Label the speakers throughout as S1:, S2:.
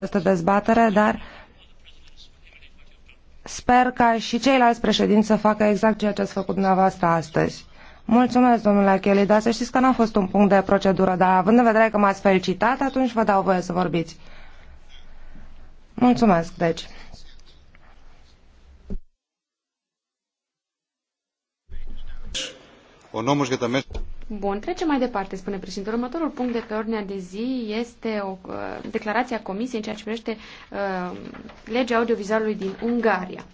S1: această dezbatere, dar sper ca și ceilalți președinți să facă exact ceea ce ați făcut dumneavoastră astăzi. Mulțumesc, domnule Kelly, dar să știți că n-a fost un punct de procedură, dar având în vedere că m-ați felicitat, atunci vă dau voie să vorbiți. Mulțumesc, deci. O nomus Bun, trecem mai
S2: departe, spune președintele. Următorul punct de pe ordinea de zi este o uh, declarație a Comisiei în ceea ce privește uh, legea audiovizualului din Ungaria.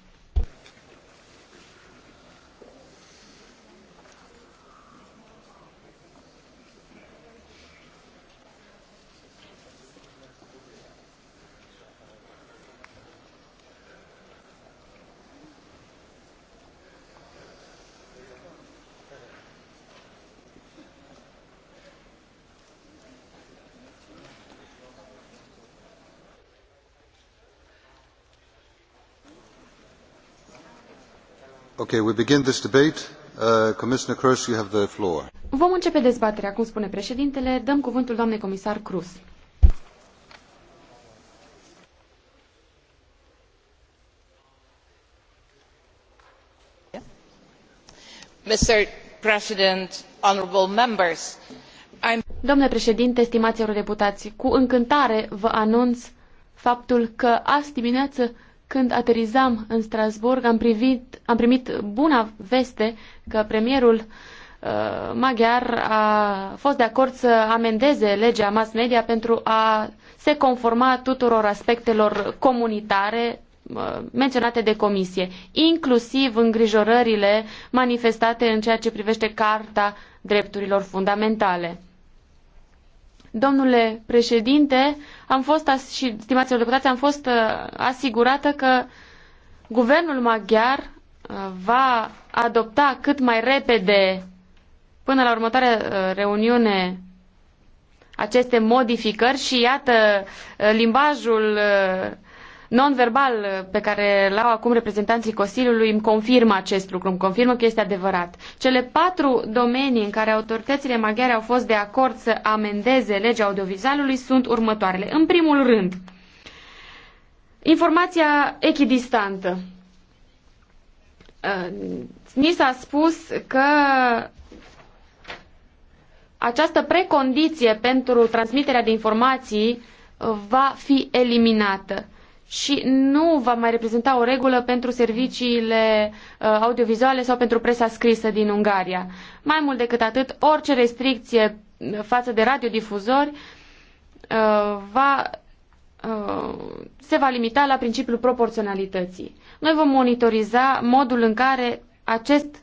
S2: Vom începe dezbaterea, cum spune președintele. Dăm cuvântul doamnei comisar Cruz. Domnule președinte, stimați eurodeputați, cu încântare vă anunț faptul că azi dimineață când aterizam în Strasburg, am, privit, am primit buna veste că premierul uh, maghiar a fost de acord să amendeze legea mass media pentru a se conforma tuturor aspectelor comunitare uh, menționate de comisie, inclusiv îngrijorările manifestate în ceea ce privește Carta Drepturilor Fundamentale. Domnule președinte, am fost și stimaților deputați, am fost uh, asigurată că guvernul maghiar uh, va adopta cât mai repede până la următoarea uh, reuniune aceste modificări și iată limbajul non-verbal uh, pe care l-au acum reprezentanții Consiliului îmi confirmă acest lucru, îmi confirmă că este adevărat. Cele patru domenii în care autoritățile maghiare au fost de acord să amendeze legea audiovizualului sunt următoarele. În primul rând, informația echidistantă. Uh, ni s-a spus că această precondiție pentru transmiterea de informații va fi eliminată și nu va mai reprezenta o regulă pentru serviciile uh, audiovizuale sau pentru presa scrisă din Ungaria. Mai mult decât atât, orice restricție uh, față de radiodifuzori uh, va, se va limita la principiul proporționalității. Noi vom monitoriza modul în care acest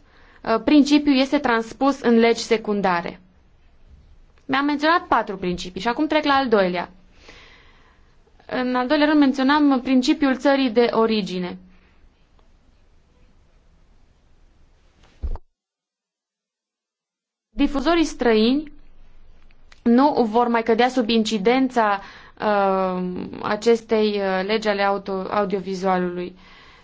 S2: principiu este transpus în legi secundare. Mi-am menționat patru principii și acum trec la al doilea. În al doilea rând menționam principiul țării de origine. Difuzorii străini nu vor mai cădea sub incidența uh, acestei uh, legi ale auto, audiovizualului.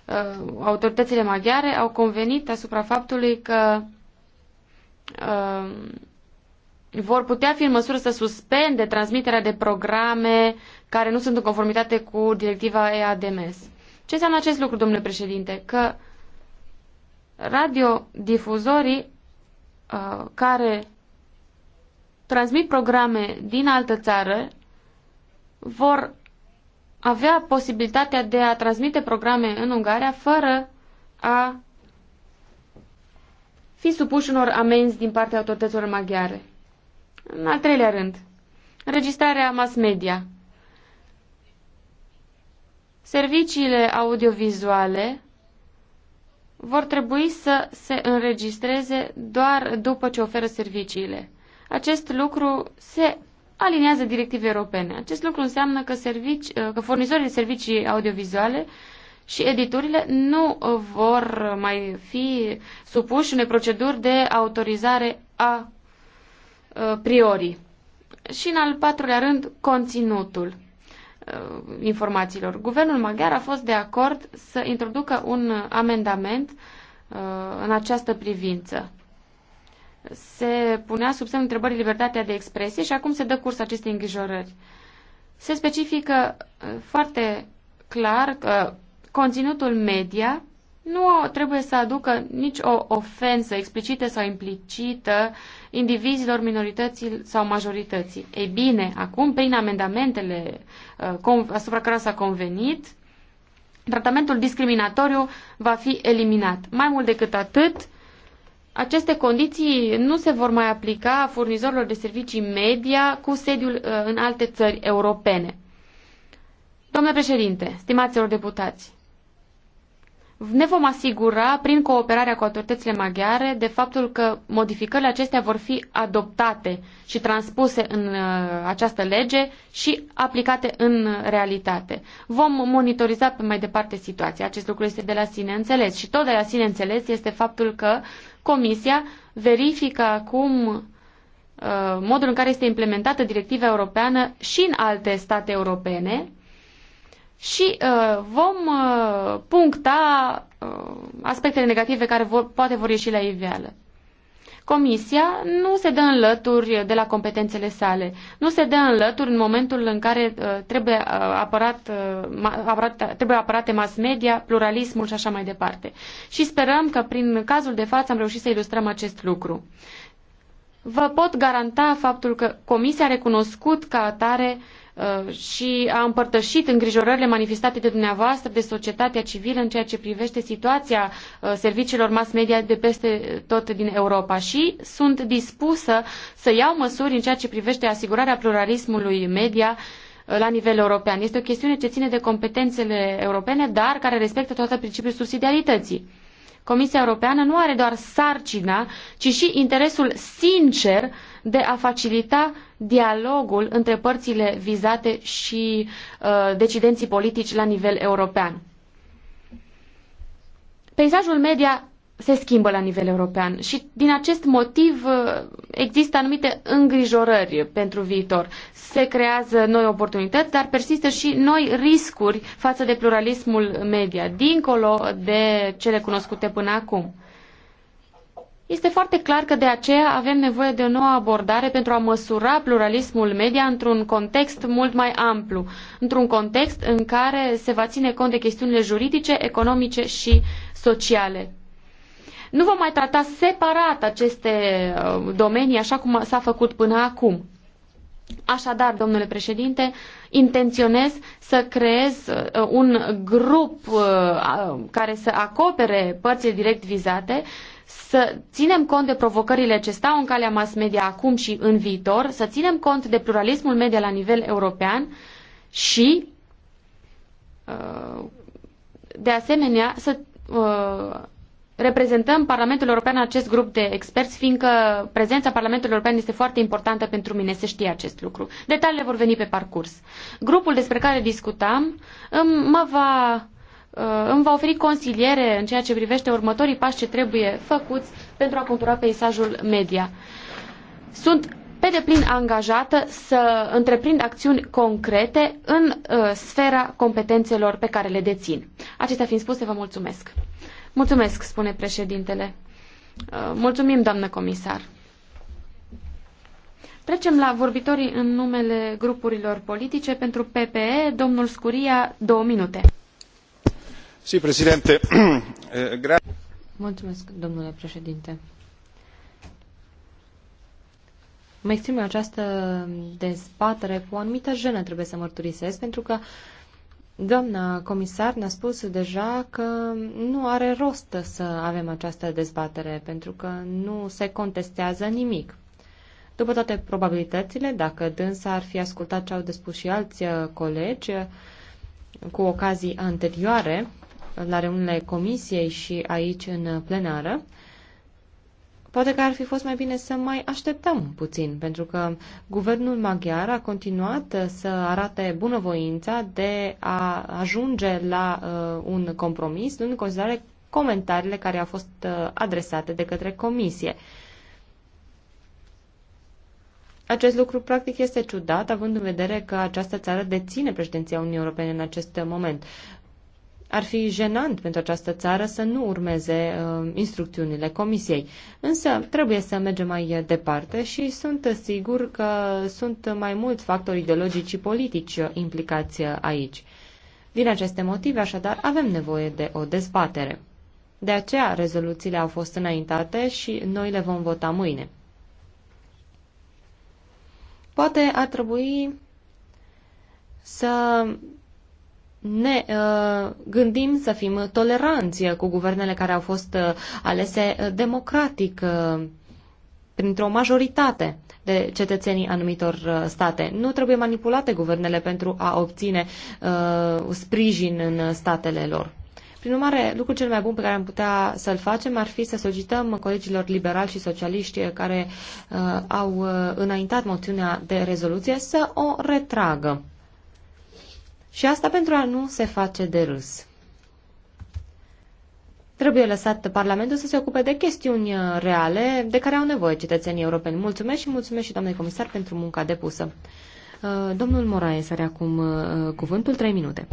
S2: Uh, autoritățile maghiare au convenit asupra faptului că uh, vor putea fi în măsură să suspende transmiterea de programe care nu sunt în conformitate cu directiva EADMS. Ce înseamnă acest lucru, domnule președinte? Că radiodifuzorii uh, care transmit programe din altă țară vor avea posibilitatea de a transmite programe în Ungaria fără a fi supuși unor amenzi din partea autorităților maghiare. În al treilea rând, înregistrarea mass media. Serviciile audiovizuale vor trebui să se înregistreze doar după ce oferă serviciile. Acest lucru se aliniază directive europene. Acest lucru înseamnă că, servici, că furnizorii de servicii audiovizuale și editurile nu vor mai fi supuși unei proceduri de autorizare a Uh, priorii. Și în al patrulea rând, conținutul uh, informațiilor. Guvernul maghiar a fost de acord să introducă un amendament uh, în această privință. Se punea sub semnul întrebării libertatea de expresie și acum se dă curs acestei îngrijorări. Se specifică foarte clar că conținutul media nu trebuie să aducă nici o ofensă explicită sau implicită indivizilor, minorității sau majorității. Ei bine, acum, prin amendamentele uh, asupra care s-a convenit, tratamentul discriminatoriu va fi eliminat. Mai mult decât atât, aceste condiții nu se vor mai aplica furnizorilor de servicii media cu sediul uh, în alte țări europene. Domnule președinte, stimaților deputați, ne vom asigura, prin cooperarea cu autoritățile maghiare, de faptul că modificările acestea vor fi adoptate și transpuse în uh, această lege și aplicate în realitate. Vom monitoriza pe mai departe situația. Acest lucru este de la sine înțeles și tot de la sine înțeles este faptul că Comisia verifică acum uh, modul în care este implementată directiva europeană și în alte state europene, și uh, vom uh, puncta uh, aspectele negative care vor, poate vor ieși la iveală. Comisia nu se dă înlături de la competențele sale, nu se dă înlături în momentul în care uh, trebuie, uh, apărat, uh, apărat, trebuie apărate mass media, pluralismul și așa mai departe. Și sperăm că prin cazul de față am reușit să ilustrăm acest lucru. Vă pot garanta faptul că Comisia a recunoscut ca atare uh, Uh, și a împărtășit îngrijorările manifestate de dumneavoastră, de societatea civilă în ceea ce privește situația uh, serviciilor mass media de peste tot din Europa și sunt dispusă să iau măsuri în ceea ce privește asigurarea pluralismului media uh, la nivel european. Este o chestiune ce ține de competențele europene, dar care respectă toată principiul subsidiarității. Comisia Europeană nu are doar sarcina, ci și interesul sincer de a facilita dialogul între părțile vizate și uh, decidenții politici la nivel european. Peisajul media se schimbă la nivel european și din acest motiv uh, există anumite îngrijorări pentru viitor. Se creează noi oportunități, dar persistă și noi riscuri față de pluralismul media, dincolo de cele cunoscute până acum. Este foarte clar că de aceea avem nevoie de o nouă abordare pentru a măsura pluralismul media într-un context mult mai amplu, într-un context în care se va ține cont de chestiunile juridice, economice și sociale. Nu vom mai trata separat aceste uh, domenii așa cum s-a făcut până acum. Așadar, domnule președinte, intenționez să creez uh, un grup uh, care să acopere părțile direct vizate să ținem cont de provocările ce stau în calea mass media acum și în viitor, să ținem cont de pluralismul media la nivel european și, uh, de asemenea, să uh, reprezentăm Parlamentul European acest grup de experți, fiindcă prezența Parlamentului European este foarte importantă pentru mine, se știe acest lucru. Detaliile vor veni pe parcurs. Grupul despre care discutam mă va Uh, îmi va oferi consiliere în ceea ce privește următorii pași ce trebuie făcuți pentru a contura peisajul media. Sunt pe deplin angajată să întreprind acțiuni concrete în uh, sfera competențelor pe care le dețin. Acestea fiind spuse, vă mulțumesc. Mulțumesc, spune președintele. Uh, mulțumim, doamnă comisar. Trecem la vorbitorii în numele grupurilor politice. Pentru PPE, domnul Scuria,
S3: două minute.
S4: Eh,
S3: domnule președinte. Mă exprim această dezbatere cu o anumită jenă, trebuie să mărturisesc, pentru că doamna comisar ne-a spus deja că nu are rost să avem această dezbatere, pentru că nu se contestează nimic. După toate probabilitățile, dacă dânsa ar fi ascultat ce au de spus și alți uh, colegi uh, cu ocazii anterioare, la reuniunile comisiei și aici în plenară, poate că ar fi fost mai bine să mai așteptăm puțin, pentru că guvernul maghiar a continuat să arate bunăvoința de a ajunge la uh, un compromis, în considerare comentariile care au fost uh, adresate de către comisie. Acest lucru practic este ciudat, având în vedere că această țară deține președinția Uniunii Europene în acest moment. Ar fi jenant pentru această țară să nu urmeze uh, instrucțiunile Comisiei. Însă trebuie să mergem mai uh, departe și sunt sigur că sunt mai mulți factori ideologici și politici uh, implicați uh, aici. Din aceste motive, așadar, avem nevoie de o dezbatere. De aceea, rezoluțiile au fost înaintate și noi le vom vota mâine. Poate ar trebui să ne uh, gândim să fim toleranți cu guvernele care au fost uh, alese uh, democratic uh, printr-o majoritate de cetățenii anumitor uh, state. Nu trebuie manipulate guvernele pentru a obține uh, sprijin în statele lor. Prin urmare, lucrul cel mai bun pe care am putea să-l facem ar fi să solicităm colegilor liberali și socialiști care uh, au uh, înaintat moțiunea de rezoluție să o retragă. Și asta pentru a nu se face de râs. Trebuie lăsat Parlamentul să se ocupe de chestiuni uh, reale de care au nevoie cetățenii europeni. Mulțumesc și mulțumesc și doamnei comisar pentru munca depusă. Uh, domnul Moraes are acum uh, cuvântul, 3 minute.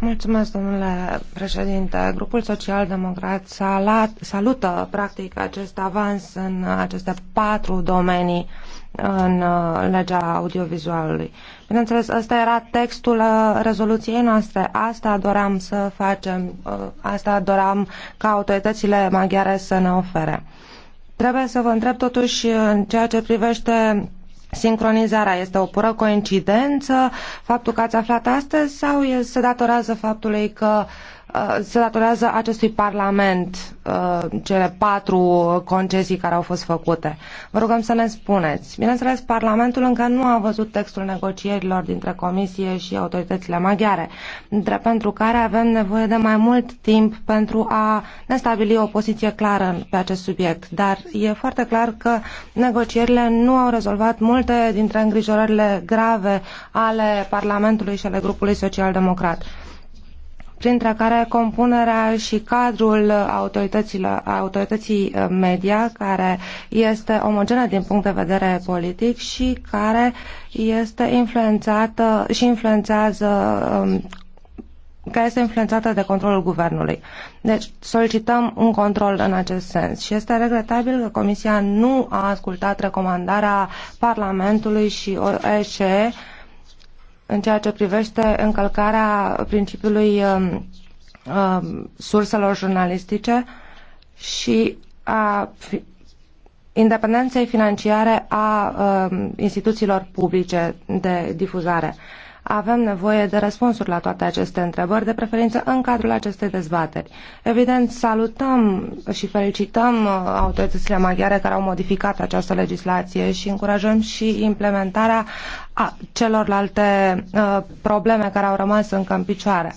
S1: Mulțumesc, domnule președinte. Grupul Social-Democrat salută, practic, acest avans în aceste patru domenii în uh, legea audiovizualului. Bineînțeles, ăsta era textul uh, rezoluției noastre. Asta doream să facem, uh, asta doream ca autoritățile maghiare să ne ofere. Trebuie să vă întreb totuși în ceea ce privește sincronizarea. Este o pură coincidență faptul că ați aflat astăzi sau se datorează faptului că uh, se datorează acestui Parlament uh, cele patru concesii care au fost făcute. Vă rugăm să ne spuneți. Bineînțeles, Parlamentul încă nu a văzut textul negocierilor dintre Comisie și autoritățile maghiare, dintre pentru care avem nevoie de mai mult timp pentru a ne stabili o poziție clară pe acest subiect. Dar e foarte clar că negocierile nu au rezolvat multe dintre îngrijorările grave ale Parlamentului și ale grupului social-democrat printre care compunerea și cadrul autorităților, autorității uh, media, care este omogenă din punct de vedere politic și care este influențată și influențează um, care este influențată de controlul guvernului. Deci solicităm un control în acest sens și este regretabil că Comisia nu a ascultat recomandarea Parlamentului și OSCE în ceea ce privește încălcarea principiului um, um, surselor jurnalistice și a independenței financiare a um, instituțiilor publice de difuzare. Avem nevoie de răspunsuri la toate aceste întrebări, de preferință în cadrul acestei dezbateri. Evident, salutăm și felicităm uh, autoritățile maghiare care au modificat această legislație și încurajăm și implementarea a celorlalte uh, probleme care au rămas încă în picioare.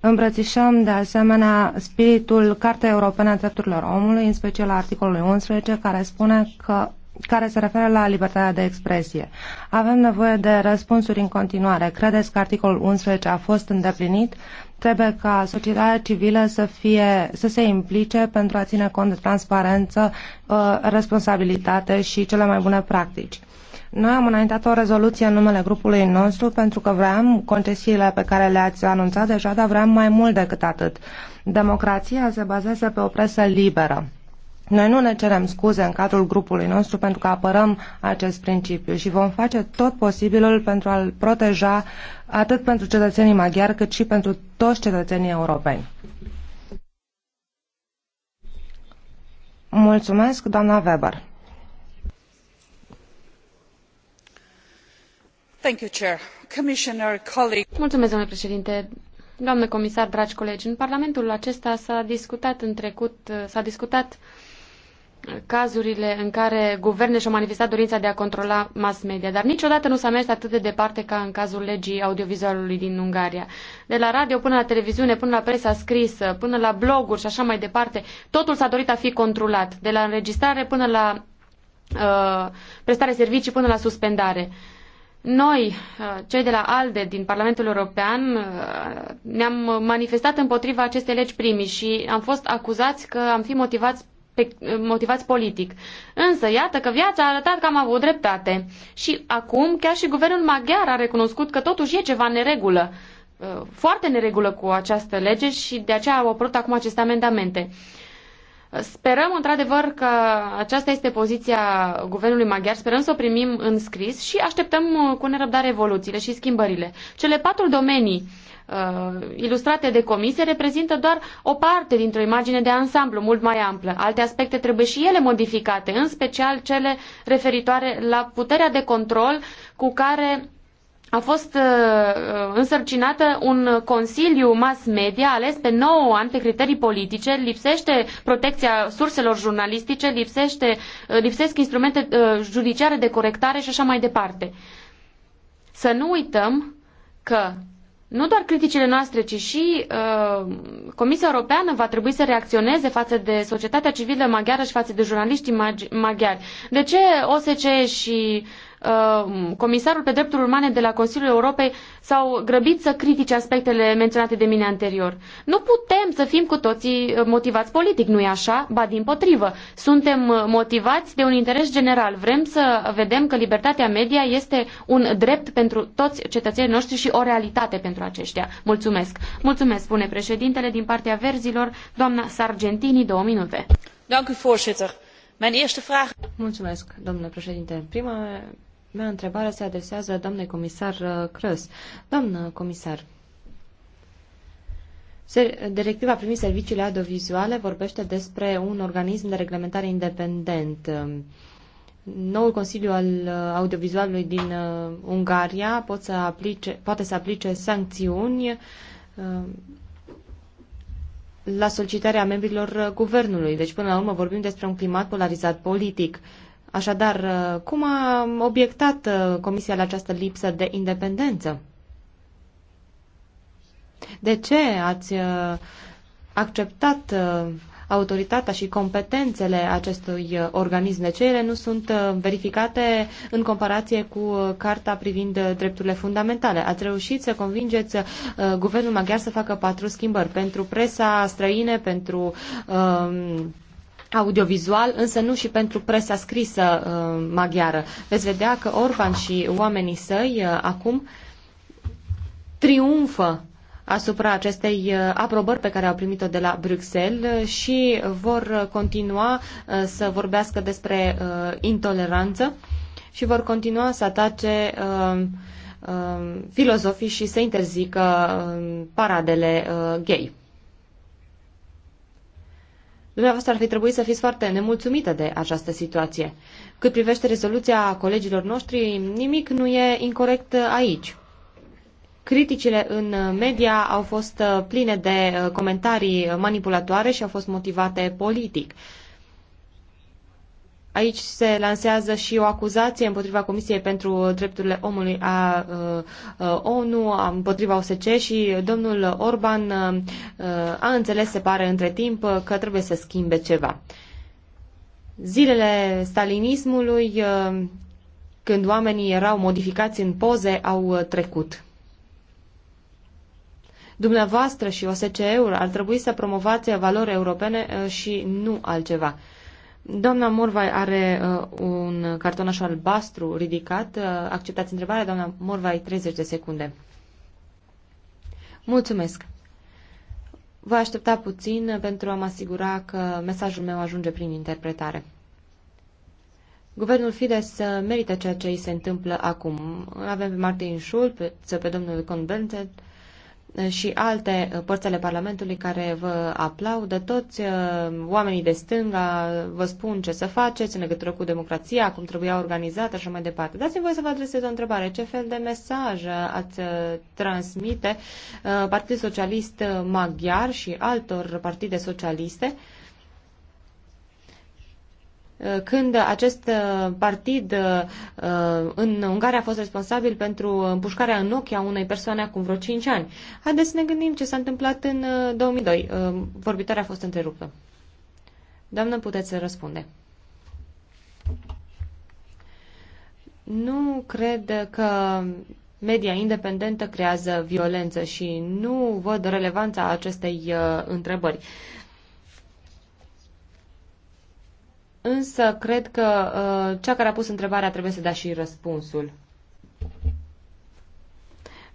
S1: Îmbrățișăm de asemenea spiritul Cartei Europene a Drepturilor Omului, în special articolului 11, care spune că care se referă la libertatea de expresie. Avem nevoie de răspunsuri în continuare. Credeți că articolul 11 a fost îndeplinit? Trebuie ca societatea civilă să, fie, să se implice pentru a ține cont de transparență, uh, responsabilitate și cele mai bune practici. Noi am înaintat o rezoluție în numele grupului nostru pentru că vreau concesiile pe care le-ați anunțat deja, dar vreau mai mult decât atât. Democrația se bazează pe o presă liberă noi nu ne cerem scuze în cadrul grupului nostru pentru că apărăm acest principiu și vom face tot posibilul pentru a-l proteja atât pentru cetățenii maghiari cât și pentru toți cetățenii europeni. Mulțumesc, doamna Weber.
S4: Thank you, Chair. Commissioner,
S2: colleague. Mulțumesc, domnule președinte. Doamnă comisar, dragi colegi, în Parlamentul acesta s-a discutat în trecut, s-a discutat uh, cazurile în care guverne și-au manifestat dorința de a controla mass media, dar niciodată nu s-a mers atât de departe ca în cazul legii audiovizualului din Ungaria. De la radio până la televiziune, până la presa scrisă, până la bloguri și așa mai departe, totul s-a dorit a fi controlat, de la înregistrare până la uh, prestare servicii până la suspendare. Noi, uh, cei de la ALDE din Parlamentul European, uh, ne-am manifestat împotriva acestei legi primii și am fost acuzați că am fi motivați motivați politic. Însă, iată că viața a arătat că am avut dreptate. Și acum, chiar și guvernul maghiar a recunoscut că totuși e ceva neregulă, uh, foarte neregulă cu această lege și de aceea au apărut acum aceste amendamente. Sperăm într-adevăr că aceasta este poziția guvernului maghiar, sperăm să o primim în scris și așteptăm uh, cu nerăbdare evoluțiile și schimbările. Cele patru domenii uh, ilustrate de comisie reprezintă doar o parte dintr-o imagine de ansamblu mult mai amplă. Alte aspecte trebuie și ele modificate, în special cele referitoare la puterea de control cu care a fost uh, uh însărcinată un consiliu mass media ales pe 9 ani pe criterii politice, lipsește protecția surselor jurnalistice, lipsește, uh, lipsesc instrumente uh, judiciare de corectare și așa mai departe. Să nu uităm că nu doar criticile noastre, ci și uh, Comisia Europeană va trebui să reacționeze față de societatea civilă maghiară și față de jurnaliștii maghiari. De ce OSCE și Uh, comisarul pe drepturi umane de la Consiliul Europei s-au grăbit să critice aspectele menționate de mine anterior. Nu putem să fim cu toții uh, motivați politic, nu-i așa? Ba din potrivă, suntem uh, motivați de un interes general. Vrem să vedem că libertatea media este un drept pentru toți cetățenii noștri și o realitate pentru aceștia. Mulțumesc. Mulțumesc, spune președintele din partea verzilor, doamna
S3: Sargentini, două minute. Mulțumesc, domnule președinte. Prima Mea întrebare se adresează doamnei comisar uh, Crăs. Doamnă comisar, Directiva primit serviciile audiovizuale vorbește despre un organism de reglementare independent. Noul Consiliu al uh, Audiovizualului din uh, Ungaria poate să aplice, poate să aplice sancțiuni la solicitarea membrilor guvernului. Deci, până la urmă, vorbim despre un climat polarizat politic. Așadar, uh, cum a obiectat uh, Comisia la această lipsă de independență? De ce ați uh, acceptat autoritatea și competențele acestui organism? De ce ele nu sunt verificate în comparație cu Carta privind drepturile fundamentale? Ați reușit să convingeți guvernul maghiar să facă patru schimbări pentru presa străine, pentru um, audiovizual, însă nu și pentru presa scrisă uh, maghiară. Veți vedea că Orban și oamenii săi uh, acum triumfă asupra acestei uh, aprobări pe care au primit-o de la Bruxelles și vor continua să vorbească despre intoleranță și vor continua să atace filozofii și să interzică paradele gay. Dumneavoastră ar fi trebuit să fiți foarte nemulțumită de această situație. Cât privește rezoluția colegilor noștri, nimic nu e incorrect aici. Criticile în media au fost pline de uh, comentarii manipulatoare și au fost motivate politic. Aici se lansează și o acuzație împotriva Comisiei pentru Drepturile Omului a uh, uh, ONU, împotriva OSC și domnul Orban uh, a înțeles, se pare, între timp că trebuie să schimbe ceva. Zilele stalinismului, când oamenii erau modificați în poze, au trecut. Dumneavoastră și OSCE-ul ar trebui să promovați valori europene și nu altceva. Doamna Morvai are uh, un cartonaș albastru ridicat. Uh, acceptați întrebarea, doamna Morvai, 30 de secunde. Mulțumesc. Voi aștepta puțin pentru a mă asigura că mesajul meu ajunge prin interpretare. Guvernul Fides uh, merită ceea ce îi se întâmplă acum. Avem pe Martin Schulz, pe, pe domnul Convented și alte uh, părți ale Parlamentului care vă aplaudă, toți uh, oamenii de stânga vă spun ce să faceți în legătură cu democrația, cum trebuia organizată și mai departe. Dați-mi voie să vă adresez o întrebare. Ce fel de mesaj ați uh, transmite Partidul Socialist Maghiar și altor partide socialiste când acest uh, partid uh, în Ungaria a fost responsabil pentru împușcarea în ochi a unei persoane acum vreo 5 ani. Haideți să ne gândim ce s-a întâmplat în 2002. Uh, vorbitoarea a fost întreruptă. Doamnă, puteți să răspunde. Nu cred că media independentă creează violență și nu văd relevanța acestei întrebări. Însă cred că uh, cea care a pus întrebarea trebuie să dea și răspunsul.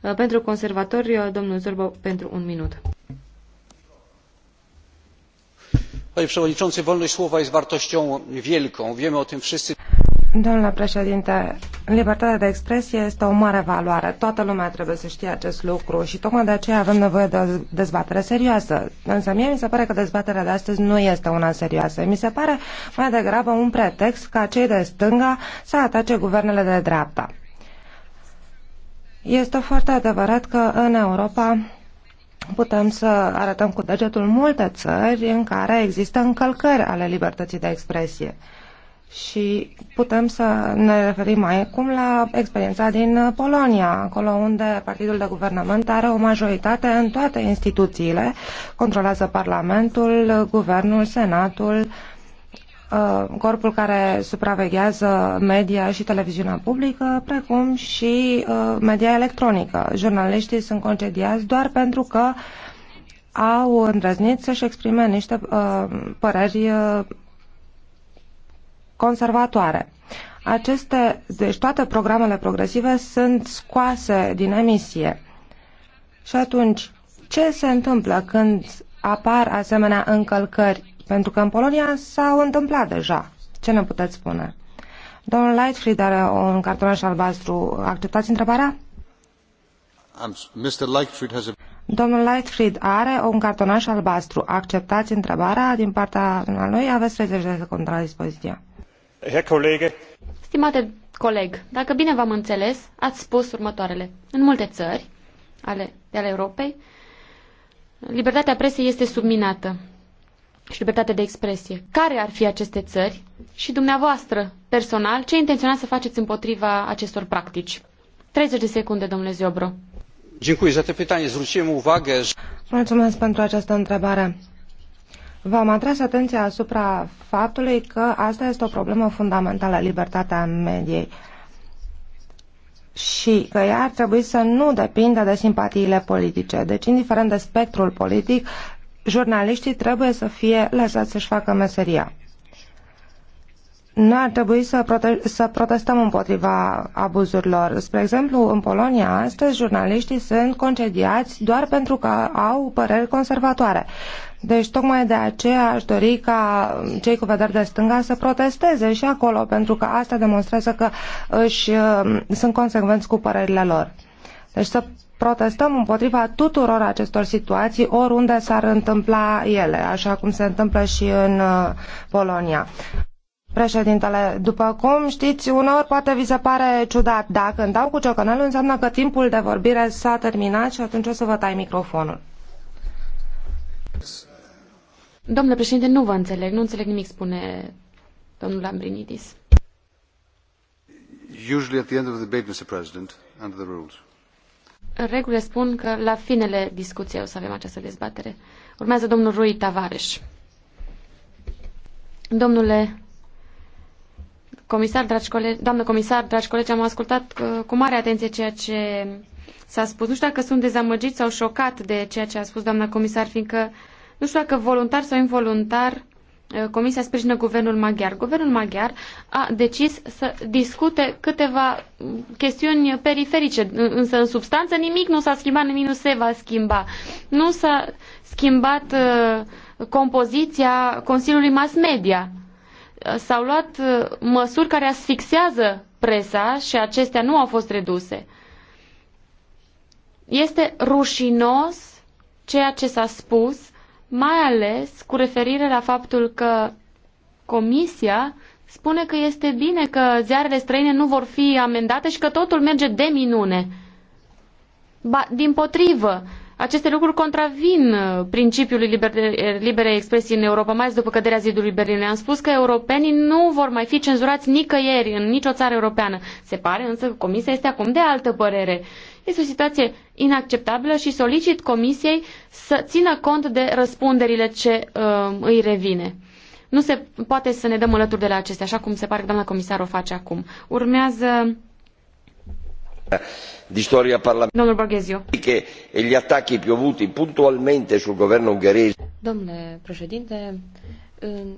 S3: Uh, pentru conservatori, uh, domnul Zorbo, pentru un minut.
S5: Panie przewodniczący, wolność słowa jest wartością wielką. Wiemy o tym wszyscy.
S1: Domnule președinte, libertatea de expresie este o mare valoare. Toată lumea trebuie să știe acest lucru și tocmai de aceea avem nevoie de o dezbatere serioasă. Însă mie mi se pare că dezbaterea de astăzi nu este una serioasă. Mi se pare mai degrabă un pretext ca cei de stânga să atace guvernele de dreapta. Este foarte adevărat că în Europa putem să arătăm cu degetul multe țări în care există încălcări ale libertății de expresie. Și putem să ne referim mai acum la experiența din Polonia, acolo unde partidul de guvernament are o majoritate în toate instituțiile, controlează Parlamentul, Guvernul, Senatul, uh, corpul care supraveghează media și televiziunea publică, precum și uh, media electronică. Jurnaliștii sunt concediați doar pentru că au îndrăznit să-și exprime niște uh, păreri uh, conservatoare. Aceste, deci toate programele progresive sunt scoase din emisie. Și atunci, ce se întâmplă când apar asemenea încălcări? Pentru că în Polonia s-au întâmplat deja. Ce ne puteți spune? Domnul Lightfried are un cartonaș albastru. Acceptați întrebarea?
S4: Mr. Um, Lightfried has a...
S1: Domnul Lightfried are un cartonaș albastru. Acceptați întrebarea din partea lui? Aveți 30 de secunde la dispoziție. Stimate
S2: coleg, dacă bine v-am înțeles, ați spus următoarele. În multe țări ale, ale Europei, libertatea presei este subminată și libertatea de expresie. Care ar fi aceste țări și dumneavoastră, personal, ce intenționați să faceți împotriva acestor practici? 30 de secunde, domnule Ziobro.
S1: Mulțumesc pentru această întrebare. V-am atras atenția asupra faptului că asta este o problemă fundamentală, libertatea mediei și că ea ar trebui să nu depindă de simpatiile politice. Deci, indiferent de spectrul politic, jurnaliștii trebuie să fie lăsați să-și facă meseria. Nu ar trebui să, prote- să protestăm împotriva abuzurilor. Spre exemplu, în Polonia, astăzi, jurnaliștii sunt concediați doar pentru că au păreri conservatoare. Deci, tocmai de aceea aș dori ca cei cu vedere de stânga să protesteze și acolo, pentru că asta demonstrează că își, uh, sunt consecvenți cu părerile lor. Deci să protestăm împotriva tuturor acestor situații, oriunde s-ar întâmpla ele, așa cum se întâmplă și în uh, Polonia. Președintele, după cum știți, uneori poate vi se pare ciudat. Dacă îmi dau cu ciocanelul, înseamnă că timpul de vorbire s-a terminat și atunci o să vă tai microfonul. Domnule
S2: președinte, nu vă înțeleg. Nu înțeleg nimic, spune domnul Lambrinidis.
S4: Usually at the end of the debate, Mr. President, under the rules.
S2: În regulă spun că la finele discuției o să avem această dezbatere. Urmează domnul Rui Tavares. Domnule comisar, dragi colegi, doamnă comisar, dragi colegi, am ascultat uh, cu mare atenție ceea ce s-a spus. Nu știu dacă sunt dezamăgit sau șocat de ceea ce a spus doamna comisar, fiindcă nu știu dacă voluntar sau involuntar uh, Comisia sprijină guvernul maghiar. Guvernul maghiar a decis să discute câteva mm, chestiuni periferice, însă în substanță nimic nu s-a schimbat, nimic nu se va schimba. Nu s-a schimbat uh, compoziția Consiliului Mass Media s-au luat uh, măsuri care asfixiază presa și acestea nu au fost reduse. Este rușinos ceea ce s-a spus, mai ales cu referire la faptul că Comisia spune că este bine că ziarele străine nu vor fi amendate și că totul merge de minune. Ba, din potrivă, aceste lucruri contravin uh, principiului eh, liberei expresii în Europa, mai ales după căderea zidului Berlinului. Am spus că europenii nu vor mai fi cenzurați nicăieri, în nicio țară europeană. Se pare însă că Comisia este acum de altă părere. Este o situație inacceptabilă și solicit Comisiei să țină cont de răspunderile ce uh, îi revine. Nu se poate să ne dăm alături de la acestea, așa cum se pare că doamna comisar o face acum. Urmează
S6: di storia parlamentare e gli attacchi piovuti puntualmente sul governo ungherese.
S3: Domnule președinte, în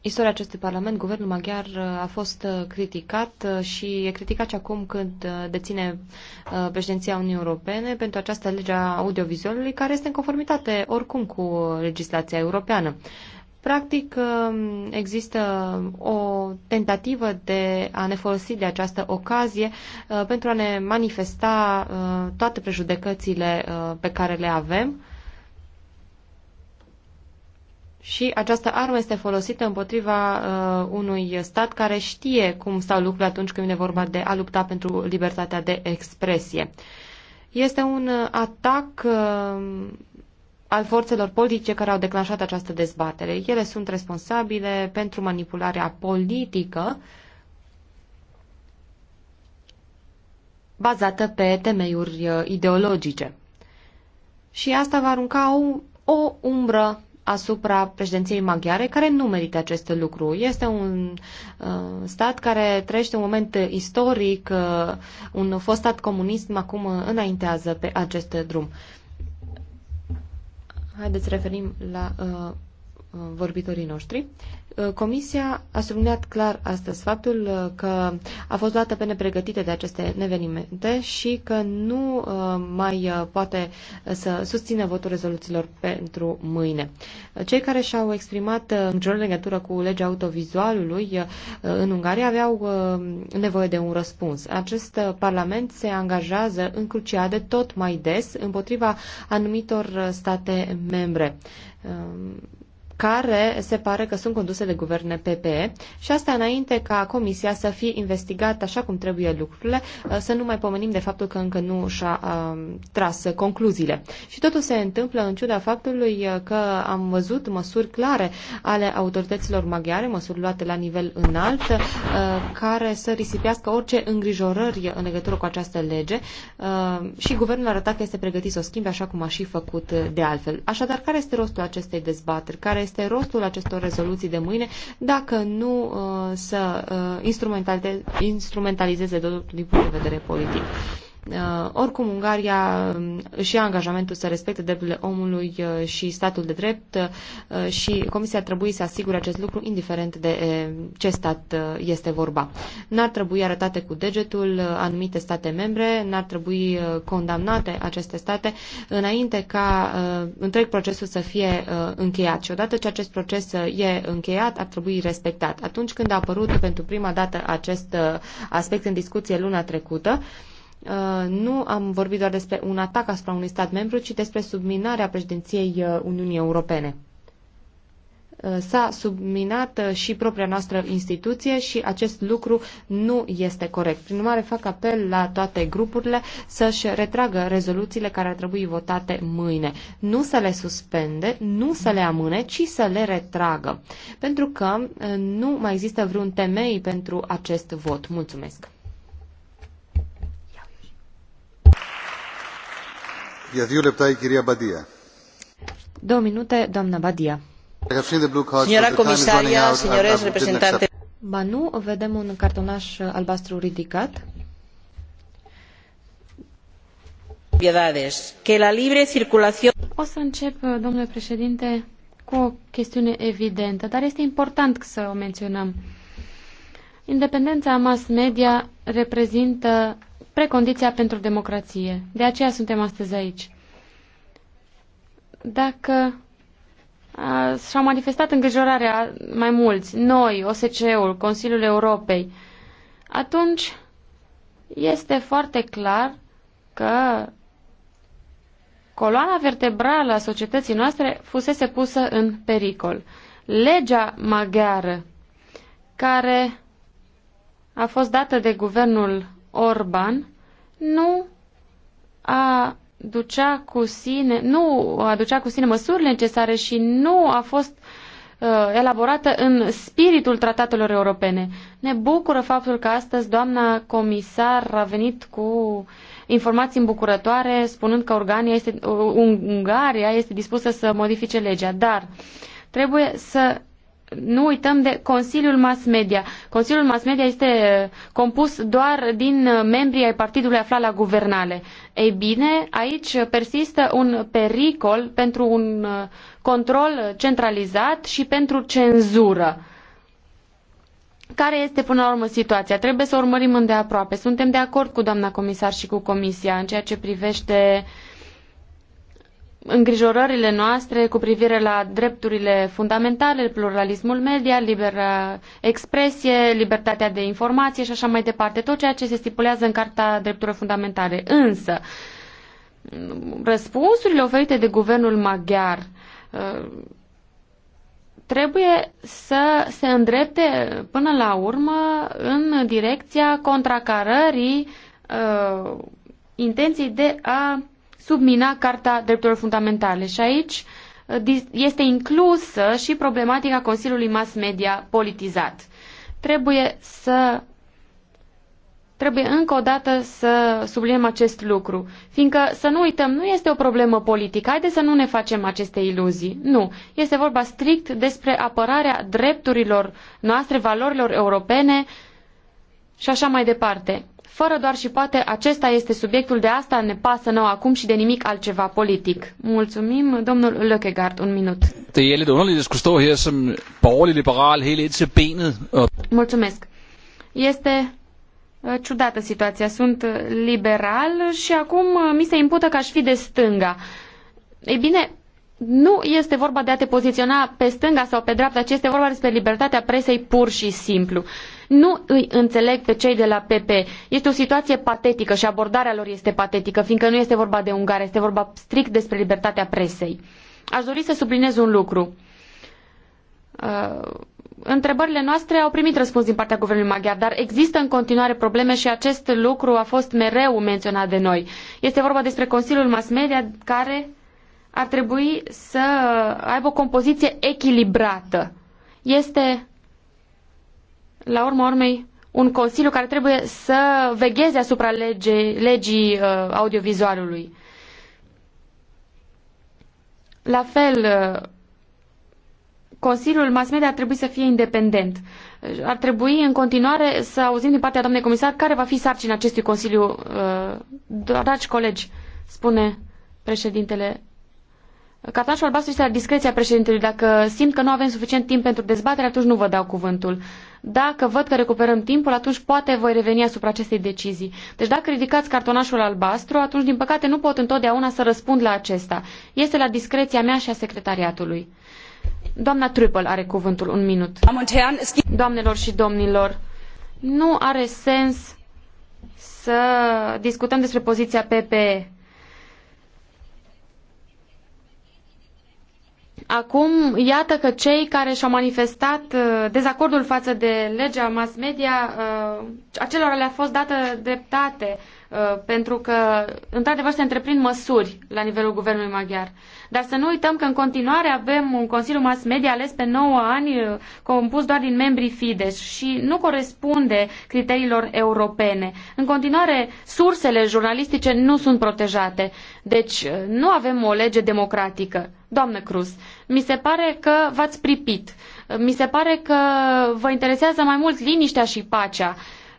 S3: istoria acestui parlament, guvernul maghiar uh, a fost uh, criticat uh, și e criticat și acum când deține președinția Uniunii Europene pentru această lege a audiovizualului care este în conformitate oricum cu legislația europeană. Practic, um, există o tentativă de a ne folosi de această ocazie uh, pentru a ne manifesta uh, toate prejudecățile uh, pe care le avem și această armă este folosită împotriva uh, unui stat care știe cum stau lucrurile atunci când vine vorba de a lupta pentru libertatea de expresie. Este un atac uh, al forțelor politice care au declanșat această dezbatere. Ele sunt responsabile pentru manipularea politică bazată pe temeiuri uh, ideologice. Și asta va arunca o, o umbră asupra președinției maghiare, care nu merită acest lucru. Este un uh, stat care trăiește un moment istoric, uh, un fost stat comunist acum uh, înaintează pe acest drum. Uh, Haideți referim la uh, vorbitorii noștri. Uh, Comisia a subliniat clar astăzi faptul uh, că a fost luată pe nepregătite de aceste evenimente și că nu uh, mai poate să susțină votul rezoluțiilor pentru mâine. Cei care și-au exprimat în legătură cu legea autovizualului în Ungaria aveau nevoie de un răspuns. Acest parlament se angajează în cruciade tot mai des împotriva anumitor state membre care se pare că sunt conduse de guverne PPE și asta înainte ca comisia să fie investigată așa cum trebuie lucrurile, uh, să nu mai pomenim de faptul că încă nu și-a um, tras concluziile. Și totul se întâmplă în ciuda faptului uh, că am văzut măsuri clare ale autorităților maghiare, măsuri luate la nivel înalt, uh, care să risipească orice îngrijorări în legătură cu această lege și guvernul arăta că este pregătit să o schimbe așa cum a și făcut de altfel. Așadar, care este rostul acestei dezbateri? Care este rostul acestor rezoluții de mâine dacă nu uh, să uh, instrumentalizeze totul din punct de vedere politic. Uh, oricum, Ungaria um, își ia angajamentul să respecte drepturile omului uh, și statul de drept uh, și Comisia ar trebui să asigure acest lucru indiferent de ce stat este vorba. N-ar trebui arătate cu degetul anumite state membre, n-ar trebui condamnate aceste state înainte ca întreg procesul să fie încheiat. Și odată ce acest proces e încheiat, ar trebui respectat. Atunci când a apărut pentru prima dată acest aspect în discuție luna trecută, Uh, nu am vorbit doar despre un atac asupra unui stat membru, ci despre subminarea președinției uh, Uniunii Europene. Uh, s-a subminat și propria noastră instituție și acest lucru nu este corect. Prin urmare, fac apel la toate grupurile să-și retragă rezoluțiile care ar trebui votate mâine. Nu să le suspende, nu să le amâne, ci să le retragă. Pentru că nu mai există vreun temei pentru acest vot. Mulțumesc!
S4: Signora comisaria, signores reprezentante.
S3: Ba nu, vedem un cartonaș albastru ridicat.
S2: Que la libre circulación... O să încep, domnule președinte, cu o chestiune evidentă, dar este important să o menționăm. Independența mass media reprezintă precondiția pentru democrație. De aceea suntem astăzi aici. Dacă și-au manifestat îngrijorarea mai mulți, noi, OSCE-ul, Consiliul Europei, atunci este foarte clar că coloana vertebrală a societății noastre fusese pusă în pericol. Legea maghiară, care a fost dată de guvernul Orban nu a ducea cu sine, nu aducea cu sine măsurile necesare și nu a fost uh, elaborată în spiritul tratatelor europene. Ne bucură faptul că astăzi doamna comisar a venit cu informații îmbucurătoare spunând că Organia este, uh, Ungaria este dispusă să modifice legea, dar trebuie să nu uităm de Consiliul Mass Media. Consiliul Mass Media este compus doar din membrii ai partidului aflat la guvernare. Ei bine, aici persistă un pericol pentru un uh, control centralizat și pentru cenzură. Care este până la urmă situația? Trebuie să urmărim îndeaproape. Suntem de acord cu doamna comisar și cu comisia în ceea ce privește uh, îngrijorările noastre cu privire la drepturile fundamentale, pluralismul media, libera expresie, libertatea de informație și așa mai departe, tot ceea ce se stipulează în Carta Drepturilor Fundamentale. Însă, răspunsurile oferite de guvernul maghiar uh, trebuie să se îndrepte până la urmă în direcția contracarării uh, intenției de a submina Carta Drepturilor Fundamentale. Și aici uh, este inclusă și problematica Consiliului Mass Media politizat. Trebuie să trebuie încă o dată să subliniem acest lucru, fiindcă să nu uităm, nu este o problemă politică, haideți să nu ne facem aceste iluzii. Nu, este vorba strict despre apărarea drepturilor noastre, valorilor europene și așa mai departe. Fără doar și poate, acesta este subiectul de asta ne pasă nou acum și de nimic altceva politic. Mulțumim, domnul Løkkegaard, un minut.
S6: Det er lidt underligt at
S4: skulle stå her som borgerlig liberal helt ind til benet.
S2: Mulțumesc. Este uh, ciudată situația. Sunt uh, liberal și acum uh, mi se impută că aș fi de stânga. Ei bine, nu este vorba de a te poziționa pe stânga sau pe dreapta, ci este vorba despre libertatea presei pur și simplu. Uh, nu îi înțeleg pe cei de la PP. Este o situație patetică și abordarea lor este patetică, fiindcă nu este vorba de Ungaria, este vorba strict despre libertatea presei. Aș dori să subliniez un lucru. Uh întrebările noastre au primit răspuns din partea guvernului maghiar, dar există în continuare probleme și acest lucru a fost mereu menționat de noi. Este vorba despre Consiliul Mass Media care ar trebui să aibă o compoziție echilibrată. Este la urma urmei, un consiliu care trebuie să vegheze asupra lege, legii uh, audiovizualului. La fel, uh, Consiliul Mass Media ar trebui să fie independent. Uh, ar trebui în continuare să auzim din partea doamnei comisar care va fi sarcina acestui Consiliu. Uh, dragi colegi, spune președintele Cartonașul albastru este la discreția președintelui. Dacă simt că nu avem suficient timp pentru dezbatere, atunci nu vă dau cuvântul. Dacă văd că recuperăm timpul, atunci poate voi reveni asupra acestei decizii. Deci dacă ridicați cartonașul albastru, atunci din păcate nu pot întotdeauna să răspund la acesta. Este la discreția mea și a secretariatului. Doamna Trüppel are cuvântul, un minut. Doamnelor și domnilor, nu are sens să discutăm despre poziția PPE Acum, iată că cei care și-au manifestat uh, dezacordul față de legea mass media, uh, acelora le-a fost dată dreptate. Uh, pentru că, într-adevăr, se întreprind măsuri la nivelul guvernului maghiar. Dar să nu uităm că în continuare avem un Consiliu Mass Media ales pe 9 ani, uh, compus doar din membrii Fidesz și nu corespunde criteriilor europene. În continuare, sursele jurnalistice nu sunt protejate. Deci uh, nu avem o lege democratică. Doamnă Cruz, mi se pare că v-ați pripit. Mi se pare că vă interesează mai mult liniștea și pacea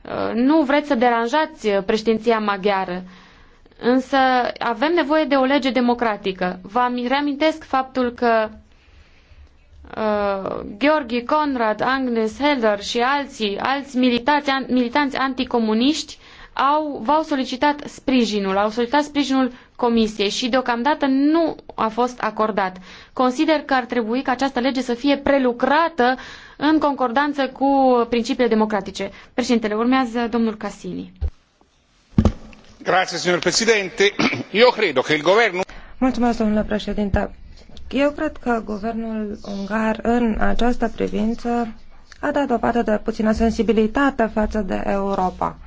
S2: Uh, nu vreți să deranjați uh, președinția maghiară, însă avem nevoie de o lege democratică. Vă reamintesc faptul că uh, Gheorghe Conrad, Agnes Heller și alții, alți militați, an, militanți anticomuniști au, v-au solicitat sprijinul, au solicitat sprijinul Comisiei și deocamdată nu a fost acordat. Consider că ar trebui ca această lege să fie prelucrată uh, în concordanță cu principiile democratice. Președintele,
S1: urmează domnul Casini.
S4: Grazie, signor Presidente. Eu cred că guvernul...
S1: Mulțumesc, domnule președinte. Eu cred că guvernul ungar în această privință a dat dovadă de puțină sensibilitate față de Europa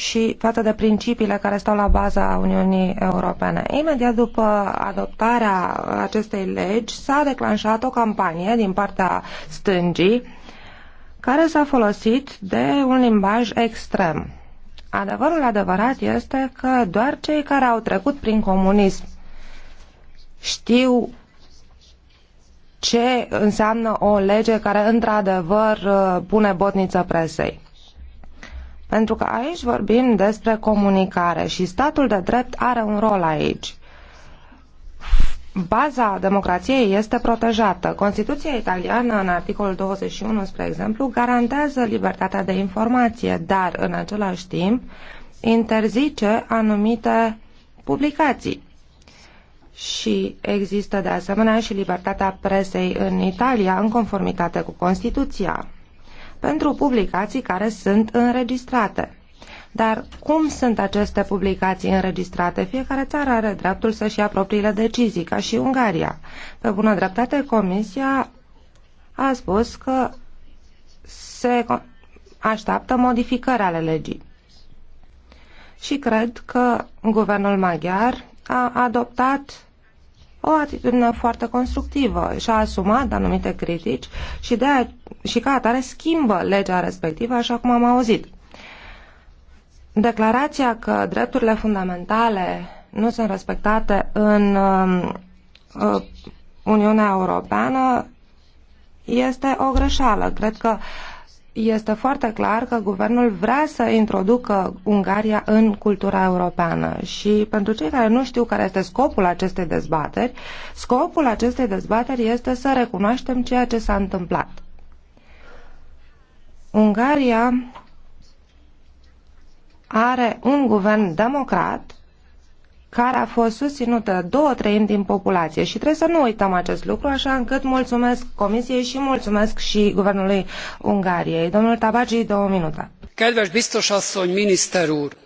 S1: și față de principiile care stau la baza Uniunii Europene. Imediat după adoptarea acestei legi s-a declanșat o campanie din partea stângii care s-a folosit de un limbaj extrem. Adevărul adevărat este că doar cei care au trecut prin comunism știu ce înseamnă o lege care într-adevăr pune botniță presei. Pentru că aici vorbim despre comunicare și statul de drept are un rol aici. Baza democrației este protejată. Constituția italiană, în articolul 21, spre exemplu, garantează libertatea de informație, dar, în același timp, interzice anumite publicații. Și există, de asemenea, și libertatea presei în Italia, în conformitate cu Constituția pentru publicații care sunt înregistrate. Dar cum sunt aceste publicații înregistrate? Fiecare țară are dreptul să-și ia propriile decizii, ca și Ungaria. Pe bună dreptate, Comisia a spus că se așteaptă modificări ale legii. Și cred că guvernul maghiar a adoptat o atitudine foarte constructivă și a asumat anumite critici și de și ca atare schimbă legea respectivă, așa cum am auzit. Declarația că drepturile fundamentale nu sunt respectate în um, uh, Uniunea Europeană este o greșeală. Cred că este foarte clar că guvernul vrea să introducă Ungaria în cultura europeană și pentru cei care nu știu care este scopul acestei dezbateri, scopul acestei dezbateri este să recunoaștem ceea ce s-a întâmplat. Ungaria are un guvern democrat care a fost susținută două treimi din populație și trebuie să nu uităm acest lucru, așa încât mulțumesc Comisiei și mulțumesc și Guvernului Ungariei. Domnul Tabagi, două minute.
S7: Kedves biztos asszony, miniszter úr!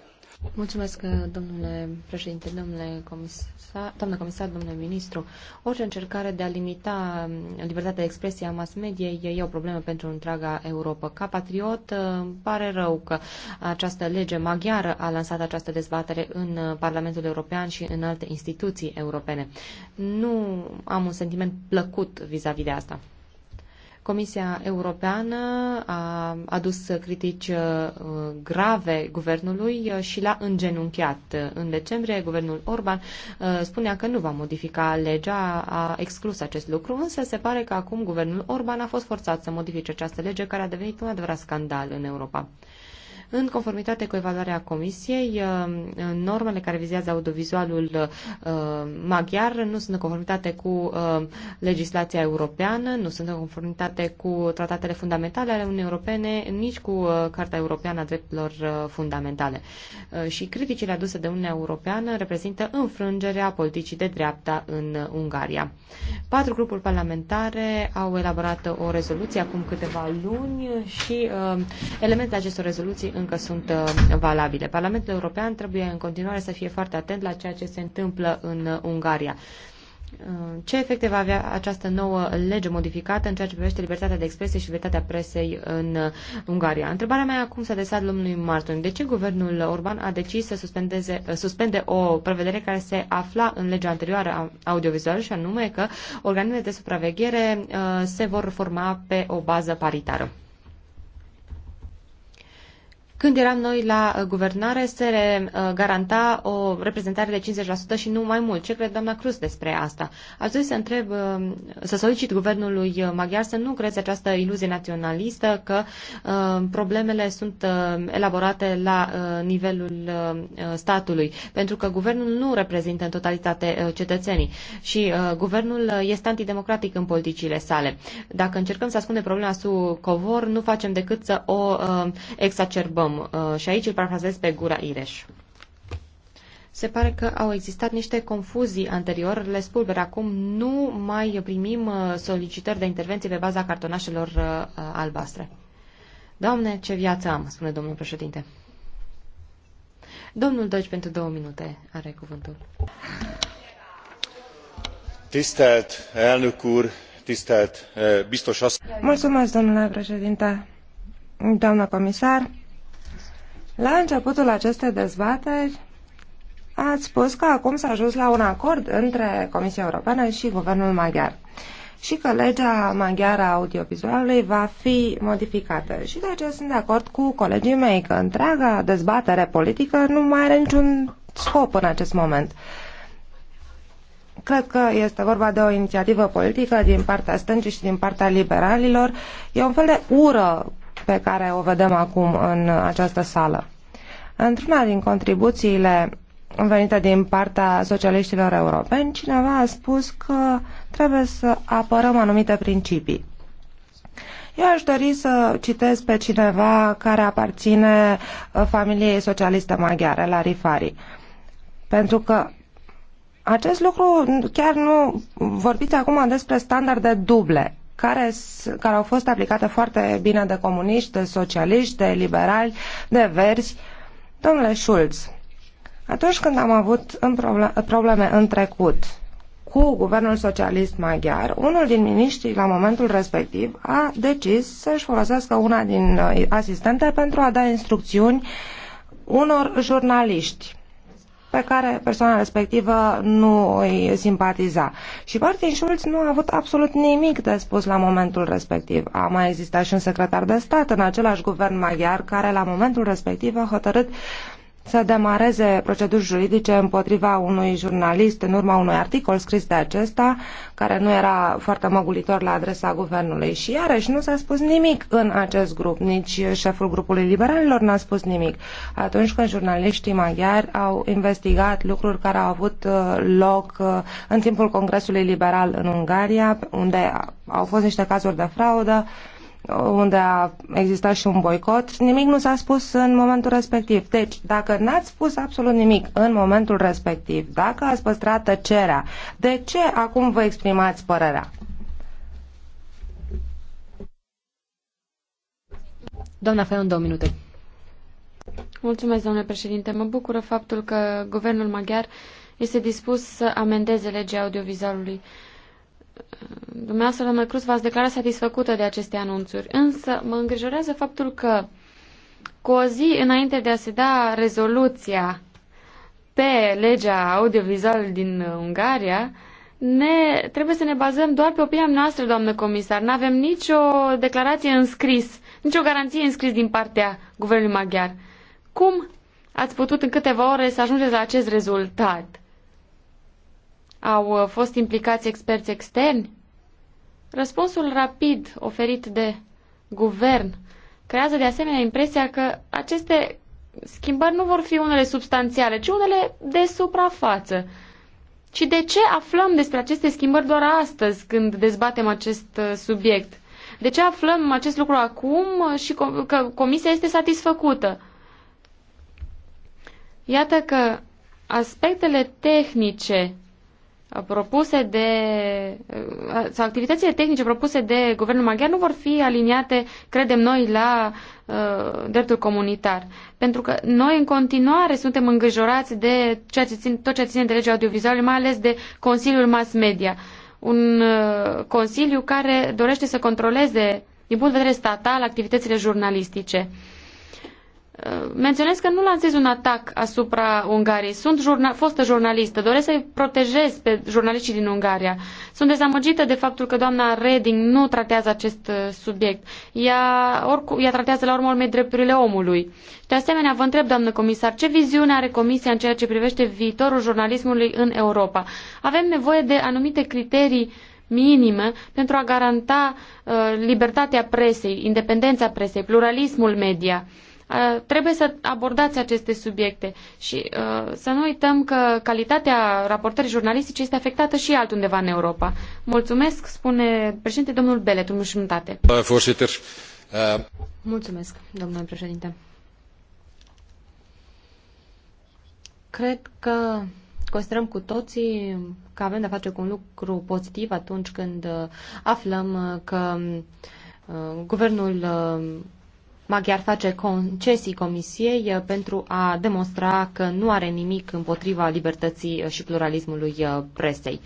S3: Mulțumesc, domnule președinte, domnule comisar, doamnă comisar, domnule ministru. Orice încercare de a limita libertatea de expresie a mass mediei e o problemă pentru întreaga Europa. Ca patriot, uh, îmi pare rău că această lege maghiară a lansat această dezbatere în uh, Parlamentul European și în alte instituții europene. Nu am un sentiment plăcut vis a -vis de asta. Comisia Europeană a adus critici uh, grave guvernului uh, și l-a îngenunchiat. În decembrie, guvernul Orban uh, spunea că nu va modifica legea, a exclus acest lucru, însă se pare că acum guvernul Orban a fost forțat să modifice această lege care a devenit un adevărat scandal în Europa. În conformitate cu evaluarea Comisiei, uh, normele care vizează audiovizualul uh, maghiar nu sunt în conformitate cu uh, legislația europeană, nu sunt în conformitate cu tratatele fundamentale ale Uniunii Europene, nici cu Carta Europeană a Drepturilor Fundamentale. Și criticile aduse de Uniunea Europeană reprezintă înfrângerea politicii de dreapta în Ungaria. Patru grupuri parlamentare au elaborat o rezoluție acum câteva luni și elementele acestor rezoluții în încă sunt uh, valabile. Parlamentul European trebuie în continuare să fie foarte atent la ceea ce se întâmplă în uh, Ungaria. Uh, ce efecte va avea această nouă lege modificată în ceea ce privește libertatea de expresie și libertatea presei în Ungaria? Întrebarea mea acum s-a adresat domnului Martin. De ce guvernul Orban a decis să suspendeze, suspende o prevedere care se afla în legea anterioară audiovizuală și anume că organele de supraveghere se vor forma pe o bază paritară? Când eram noi la uh, guvernare, se uh, garanta o reprezentare de 50% și nu mai mult. Ce crede doamna Cruz despre asta? Aș dori să întreb, uh, să solicit guvernului maghiar să nu creeze această iluzie naționalistă că problemele sunt elaborate la nivelul statului, pentru că guvernul nu reprezintă în totalitate cetățenii și guvernul este antidemocratic în politicile sale. Dacă încercăm să ascundem problema sub covor, nu facem decât să o exacerbăm om. Uh, și aici îl parafrazez pe Gura Ireș. Se pare că au existat niște confuzii anterior. Le spulber acum nu mai primim uh, solicitări de intervenții pe baza cartonașelor uh, albastre. Doamne, ce viață am, spune domnul președinte. Domnul Doci pentru două minute are cuvântul.
S4: Tisztelt elnök úr, tisztelt eh, biztos
S1: Mulțumesc, domnule președinte, doamna comisar, la începutul acestei dezbateri ați spus că acum s-a ajuns la un acord între Comisia Europeană și Guvernul Maghiar și că legea maghiară audiovizualului va fi modificată. Și de aceea sunt de acord cu colegii mei că întreaga dezbatere politică nu mai are niciun scop în acest moment. Cred că este vorba de o inițiativă politică din partea stângii și din partea liberalilor. E un fel de ură pe care o vedem acum în această sală. Într-una din contribuțiile venite din partea socialiștilor europeni, cineva a spus că trebuie să apărăm anumite principii. Eu aș dori să citez pe cineva care aparține uh, familiei socialiste maghiare, la Rifari. Pentru că acest lucru, chiar nu vorbiți acum despre standarde duble care, care au fost aplicate foarte bine de comuniști, de socialiști, de liberali, de verzi. Domnule Schulz, atunci când am avut în probleme în trecut cu guvernul socialist maghiar, unul din miniștrii la momentul respectiv a decis să-și folosească una din uh, asistente pentru a da instrucțiuni unor jurnaliști pe care persoana respectivă nu îi simpatiza. Și Martin Schulz nu a avut absolut nimic de spus la momentul respectiv. A mai existat și un secretar de stat în același guvern maghiar care la momentul respectiv a hotărât uh, să demareze proceduri juridice împotriva unui jurnalist în urma unui articol scris de acesta, care nu era foarte măgulitor la adresa guvernului. Și iarăși nu s-a spus nimic în acest grup, nici șeful grupului liberalilor n-a spus nimic. Atunci când jurnaliștii maghiari au investigat lucruri care au avut uh, loc uh, în timpul Congresului Liberal în Ungaria, unde au fost niște cazuri de fraudă, unde a existat și un boicot, nimic nu s-a spus în momentul respectiv. Deci, dacă n-ați spus absolut nimic în momentul respectiv, dacă ați păstrat tăcerea, de ce acum vă exprimați părerea? Doamna Faion, două minute.
S2: Mulțumesc, domnule președinte. Mă bucură faptul că guvernul maghiar este dispus să amendeze legea audiovizualului. Uh, dumneavoastră, doamnă Cruz, v-ați declarat satisfăcută de aceste anunțuri, însă mă îngrijorează faptul că cu o zi înainte de a se da rezoluția pe legea audiovizual din Ungaria, ne, trebuie să ne bazăm doar pe opinia noastră, doamnă comisar. Nu avem nicio declarație înscris, nicio garanție înscris din partea guvernului maghiar. Cum ați putut în câteva ore să ajungeți la acest rezultat? Au uh, fost implicați experți externi? Răspunsul rapid oferit de guvern creează de asemenea impresia că aceste schimbări nu vor fi unele substanțiale, ci unele de suprafață. Și de ce aflăm despre aceste schimbări doar astăzi, când dezbatem acest uh, subiect? De ce aflăm acest lucru acum uh, și că comisia este satisfăcută? Iată că aspectele tehnice propuse de sau activitățile tehnice propuse de guvernul maghiar nu vor fi aliniate, credem noi, la uh, dreptul comunitar. Pentru că noi în continuare suntem îngrijorați de ceea ce țin, tot ce ține de legea audiovizuală, mai ales de Consiliul Mass Media. Un uh, consiliu care dorește să controleze din punct de vedere statal activitățile jurnalistice. Uh, Uh, menționez că nu lansez un atac asupra Ungariei. Sunt jurna- fostă jurnalistă, doresc să-i protejez pe jurnaliștii din Ungaria. Sunt dezamăgită de faptul că doamna Reding nu tratează acest uh, subiect. Ea, oricum, ea tratează la urmă urmei drepturile omului. De asemenea, vă întreb, doamnă comisar, ce viziune are Comisia în ceea ce privește viitorul jurnalismului în Europa? Avem nevoie de anumite criterii minime pentru a garanta uh, libertatea presei, independența presei, pluralismul media. Uh, trebuie să abordați aceste subiecte și să nu uităm că calitatea raportării jurnalistice este afectată și altundeva în Europa. Mulțumesc, spune președinte domnul
S3: Belet, un minute. Mulțumesc, domnule președinte. Cred că considerăm cu toții că avem de-a face cu un lucru pozitiv atunci când aflăm că Guvernul maghiar face concesii comisiei eh, pentru a demonstra că nu are nimic împotriva libertății eh, și pluralismului eh, presei.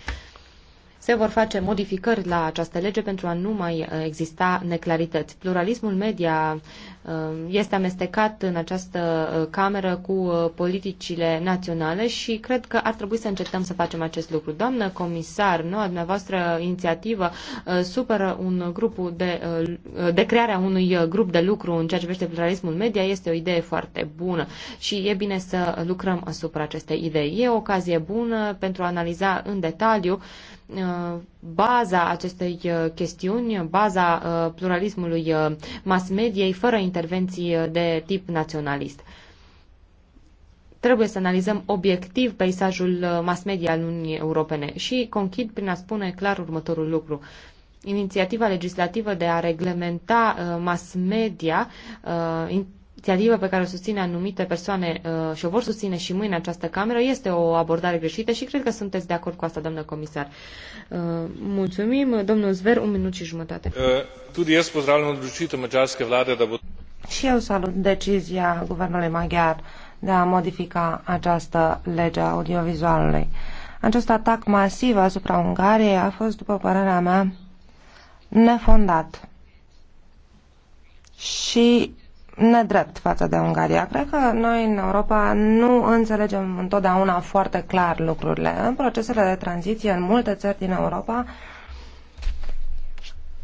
S3: Se vor face modificări la această lege pentru a nu mai exista neclarități. Pluralismul media Um, este amestecat în această uh, cameră cu uh, politicile naționale și cred că ar trebui să încetăm să facem acest lucru. Doamnă comisar, noua dumneavoastră inițiativă uh, supără un grup de, de crearea unui grup de lucru în ceea ce privește pluralismul media este o idee foarte bună și e bine să lucrăm asupra acestei idei. E o ocazie bună pentru a analiza în detaliu uh, Uh, baza acestei uh, chestiuni, baza uh, pluralismului mass-mediei, fără intervenții de tip naționalist trebuie să analizăm obiectiv peisajul mass media al Uniunii Europene și conchid prin a spune clar următorul lucru. Inițiativa legislativă de a reglementa mass media inițiativă pe care o susține anumite persoane uh, și o vor susține și mâine această cameră este o abordare greșită și cred că sunteți de acord cu asta, doamnă comisar. Uh, mulțumim. Domnul Zver, un minut și
S1: jumătate.
S4: Uh, da
S1: Și eu salut decizia guvernului maghiar de a modifica această lege a audiovizualului. Acest atac masiv asupra Ungariei a fost, după părerea mea, nefondat și nedrept față de Ungaria. Cred că noi în Europa nu înțelegem întotdeauna foarte clar lucrurile. În procesele de tranziție în multe țări din Europa,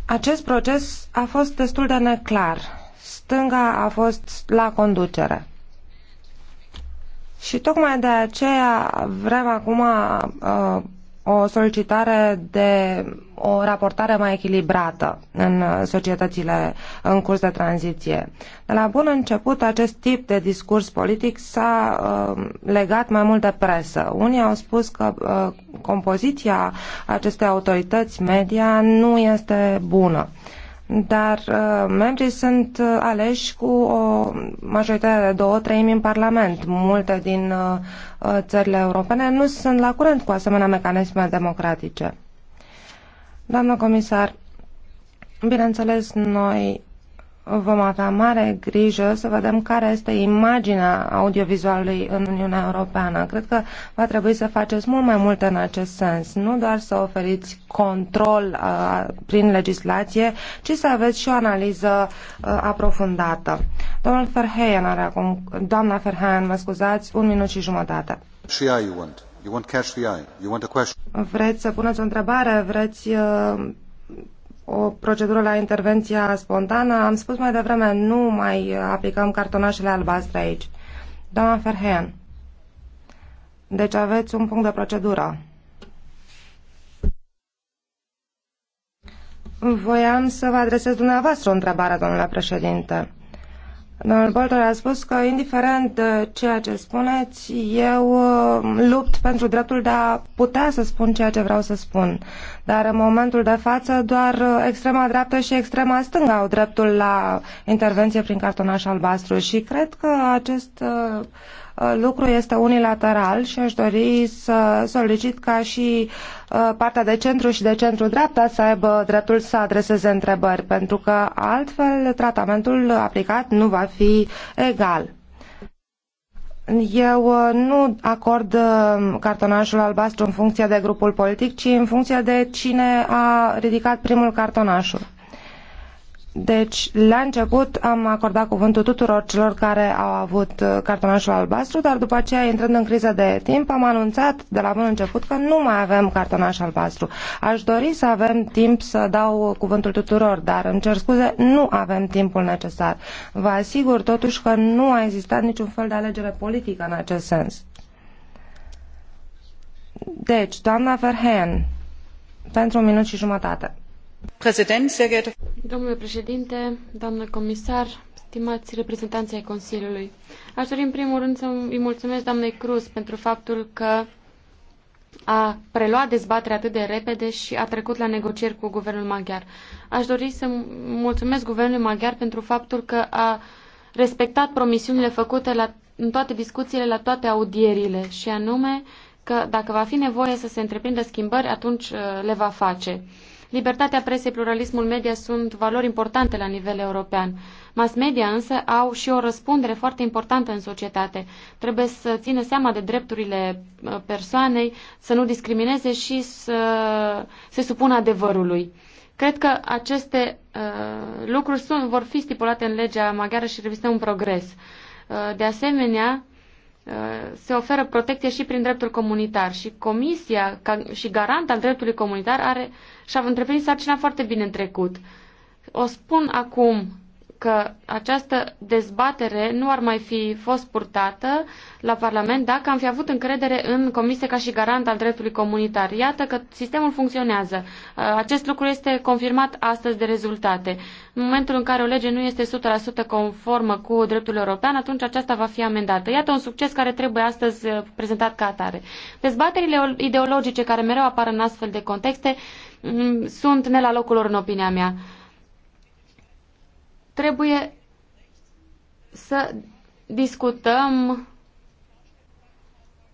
S1: acest proces a fost destul de neclar. Stânga a fost la conducere. Și tocmai de aceea vrem acum uh, o solicitare de o raportare mai echilibrată în societățile în curs de tranziție. De la bun început, acest tip de discurs politic s-a uh, legat mai mult de presă. Unii au spus că uh, compoziția acestei autorități media nu este bună dar uh, membrii sunt uh, aleși cu o majoritate de două treimi în Parlament. Multe din uh, țările europene nu sunt la curent cu asemenea mecanisme democratice. Doamnă comisar, bineînțeles, noi vom avea mare grijă să vedem care este imaginea audiovizualului în Uniunea Europeană. Cred că va trebui să faceți mult mai multe în acest sens, nu doar să oferiți control uh, prin legislație, ci să aveți și o analiză uh, aprofundată. Domnul Ferheyen are acum, doamna Ferheyen, mă scuzați, un minut și jumătate.
S4: Și ai, you want. You want catch the eye. You want a question.
S1: Vreți să puneți o întrebare? Vreți uh, o procedură la intervenția spontană. Am spus mai devreme, nu mai aplicăm cartonașele albastre aici. Doamna Ferhean, deci aveți un punct de procedură. Voiam să vă adresez dumneavoastră o întrebare, domnule președinte. Domnul Bolton a spus că, indiferent de ceea ce spuneți, eu um, lupt pentru dreptul de a putea să spun ceea ce vreau să spun. Dar în momentul de față, doar uh, extrema dreaptă și extrema stângă au dreptul la intervenție prin cartonaș albastru și cred că acest uh, Uh, lucru este unilateral și aș dori să solicit ca și uh, partea de centru și de centru-dreapta să aibă dreptul să adreseze întrebări, pentru că altfel tratamentul aplicat nu va fi egal. Eu uh, nu acord cartonașul albastru în funcție de grupul politic, ci în funcție de cine a ridicat primul cartonașul. Deci, la început am acordat cuvântul tuturor celor care au avut uh, cartonașul albastru, dar după aceea, intrând în criză de timp, am anunțat de la bun început că nu mai avem cartonaș albastru. Aș dori să avem timp să dau cuvântul tuturor, dar îmi cer scuze, nu avem timpul necesar. Vă asigur totuși că nu a existat niciun fel de alegere politică în acest sens. Deci, doamna Verheyen, pentru un minut și jumătate.
S4: Președinte,
S2: Domnule președinte, comisar, ai Consiliului, aș dori în primul rând să îi mulțumesc doamnei Cruz pentru faptul că a preluat dezbaterea atât de repede și a trecut la negocieri cu guvernul maghiar. Aș dori să mulțumesc guvernului maghiar pentru faptul că a respectat promisiunile făcute la, în toate discuțiile, la toate audierile, și anume că dacă va fi nevoie să se întreprindă schimbări, atunci uh, le va face. Libertatea presei, pluralismul media sunt valori importante la nivel european. Mass media însă au și o răspundere foarte importantă în societate. Trebuie să țină seama de drepturile uh, persoanei, să nu discrimineze și să se supună adevărului. Cred că aceste uh, lucruri sunt, vor fi stipulate în legea maghiară și reprezintă un progres. Uh, de asemenea, se oferă protecție și prin dreptul comunitar și Comisia ca și garant al dreptului comunitar are și-a întreprins sarcina foarte bine în trecut. O spun acum că această dezbatere nu ar mai fi fost purtată la Parlament dacă am fi avut încredere în Comisie ca și garant al dreptului comunitar. Iată că sistemul funcționează. Uh, acest lucru este confirmat astăzi de rezultate. În momentul în care o lege nu este 100% conformă cu dreptul european, atunci aceasta va fi amendată. Iată un succes care trebuie astăzi uh, prezentat ca atare. Dezbaterile ideologice care mereu apar în astfel de contexte mm, sunt ne la locul lor în opinia mea. Trebuie să discutăm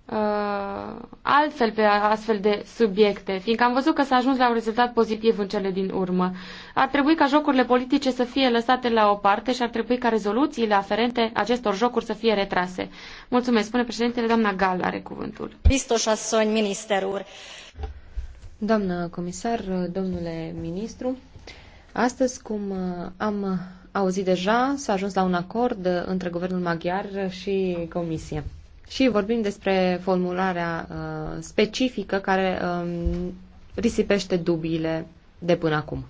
S2: uh, altfel pe astfel de subiecte, fiindcă am văzut că s-a ajuns la un rezultat pozitiv în cele din urmă. Ar trebui ca jocurile politice să fie lăsate la o parte și ar trebui ca rezoluțiile aferente acestor jocuri să fie retrase. Mulțumesc, spune președintele, doamna Gal are cuvântul.
S7: Biztos
S3: Doamnă comisar, domnule ministru, astăzi, cum am auzit deja, s-a ajuns la un acord uh, între guvernul maghiar și comisie. Și vorbim despre formularea uh, specifică care um, risipește dubiile de până acum.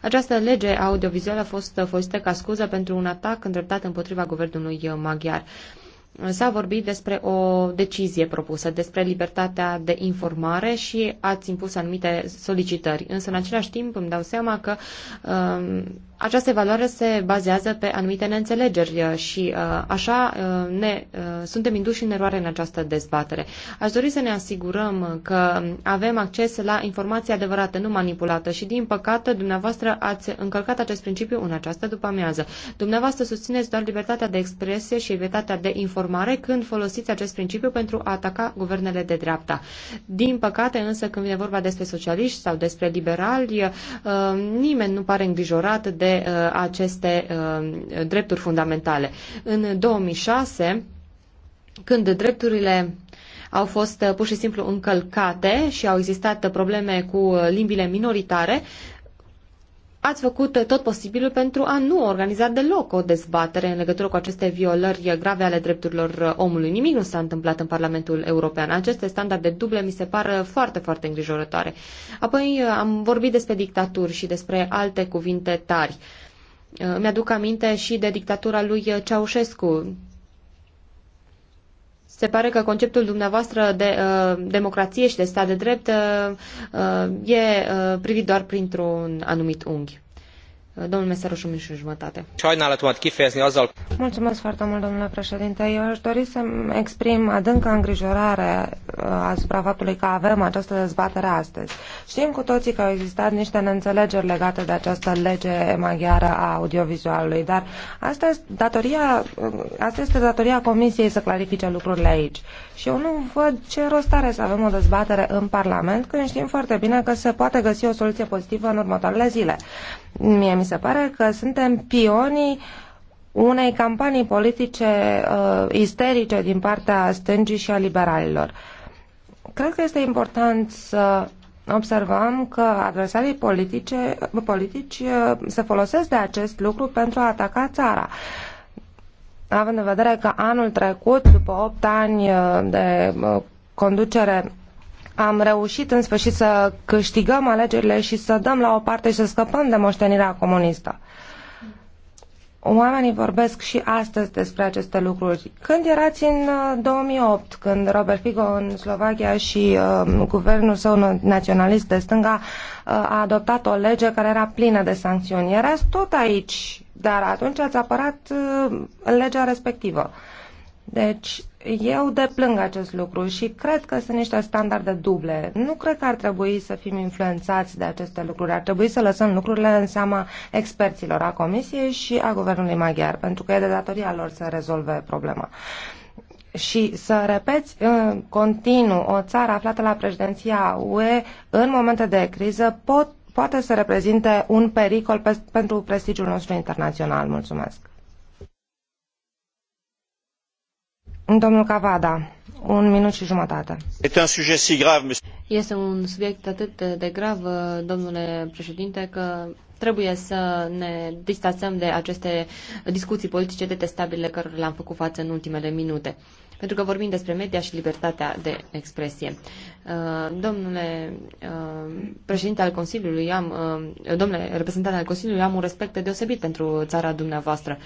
S3: Această lege audiovizuală a fost uh, folosită ca scuză pentru un atac îndreptat împotriva guvernului maghiar. S-a vorbit despre o decizie propusă, despre libertatea de informare și ați impus anumite solicitări. Însă, în același timp, îmi dau seama că um, această evaluare se bazează pe anumite neînțelegeri uh, și uh, așa uh, ne, suntem induși în eroare în această dezbatere. Aș dori să ne asigurăm că avem acces la informații adevărate, nu manipulată și, din păcate, dumneavoastră ați încălcat acest principiu în această după-amiază. Dumneavoastră susțineți doar libertatea de expresie și libertatea de informare când folosiți acest principiu pentru a ataca guvernele de dreapta. Din păcate, însă, când vine vorba despre socialiști sau despre liberali, nimeni nu pare îngrijorat de Uh, aceste uh, drepturi fundamentale. În 2006, când drepturile au fost uh, pur și simplu încălcate și au existat probleme cu limbile minoritare, ați făcut uh, tot posibilul pentru a nu organiza deloc o dezbatere în legătură cu aceste violări grave ale drepturilor uh, omului. Nimic nu s-a întâmplat în Parlamentul European. Aceste standarde duble mi se par uh, foarte, foarte îngrijorătoare. Apoi am vorbit despre dictaturi și despre alte cuvinte tari. Mi-aduc aminte și de dictatura lui Ceaușescu. Se pare că conceptul dumneavoastră de uh, democrație și de stat de drept uh, uh e uh, privit doar printr-un anumit unghi.
S1: Domnul Meseru, și și jumătate. Mulțumesc foarte mult, domnule președinte. Eu aș dori să exprim adâncă îngrijorare uh, asupra faptului că avem această dezbatere astăzi. Știm cu toții că au existat niște neînțelegeri legate de această lege maghiară a audiovizualului, dar asta este datoria, uh, asta este datoria Comisiei să clarifice lucrurile aici. Și eu nu văd ce rost are să avem o dezbatere în Parlament, când știm foarte bine că se poate găsi o soluție pozitivă în următoarele zile. Mie mi se pare că suntem pionii unei campanii politice uh, isterice din partea stângii și a liberalilor. Cred că este important să observăm că adversarii politice, politici uh, se folosesc de acest lucru pentru a ataca țara. Având în vedere că anul trecut, după 8 ani uh, de uh, conducere am reușit în sfârșit să câștigăm alegerile și să dăm la o parte și să scăpăm de moștenirea comunistă. Oamenii vorbesc și astăzi despre aceste lucruri. Când erați în 2008, uh, când Robert Fico în Slovacia și uh, guvernul său naționalist de stânga uh, a adoptat o lege care era plină de sancțiuni, erați tot aici, dar atunci ați apărat uh, legea respectivă. Deci eu deplâng acest lucru și cred că sunt niște standarde duble. Nu cred că ar trebui să fim influențați de aceste lucruri. Ar trebui să lăsăm lucrurile în seama experților a Comisiei și a Guvernului Maghiar, pentru că e de datoria lor să rezolve problema. Și să repeți în uh, continuu, o țară aflată la președinția UE în momente de criză pot, poate să reprezinte un pericol pe, pentru prestigiul nostru internațional. Mulțumesc! Cavada, un minut și jumătate.
S3: Este un subiect atât de grav, domnule președinte, că trebuie să ne distanțăm de aceste discuții politice detestabile cărora le-am făcut față în ultimele minute. Pentru că vorbim despre media și libertatea de expresie. Uh, domnule uh, președinte al Consiliului, am, uh, domnule reprezentant al Consiliului, am un respect deosebit pentru țara dumneavoastră.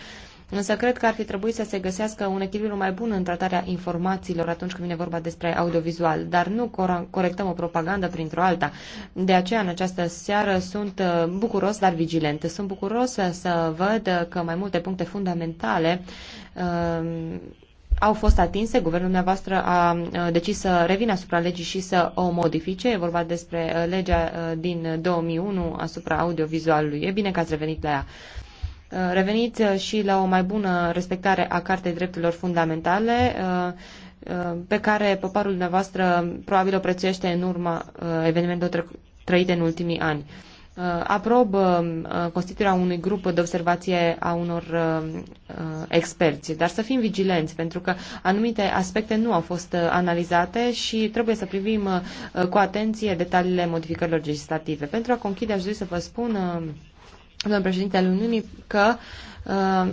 S3: Însă cred că ar fi trebuit să se găsească un echilibru mai bun în tratarea informațiilor atunci când vine vorba despre audiovizual, dar nu corectăm o propagandă printr-o alta. De aceea, în această seară, sunt uh, bucuros, dar vigilent. Sunt bucuros să văd că mai multe puncte fundamentale uh, au fost atinse, guvernul dumneavoastră a uh, decis să revină asupra legii și să o modifice. E vorba despre uh, legea din 2001 asupra audiovizualului. E bine că ați revenit la ea. Uh, revenit uh, și la o mai bună respectare a Cartei Drepturilor Fundamentale, uh, pe care poporul dumneavoastră probabil o prețuiește în urma evenimentelor trăite în ultimii ani. Aprob constituirea unui grup de observație a unor experți, dar să fim vigilenți, pentru că anumite aspecte nu au fost analizate și trebuie să privim cu atenție detaliile modificărilor legislative. Pentru a conchide, aș dori să vă spun domnul președinte al Uniunii, că uh,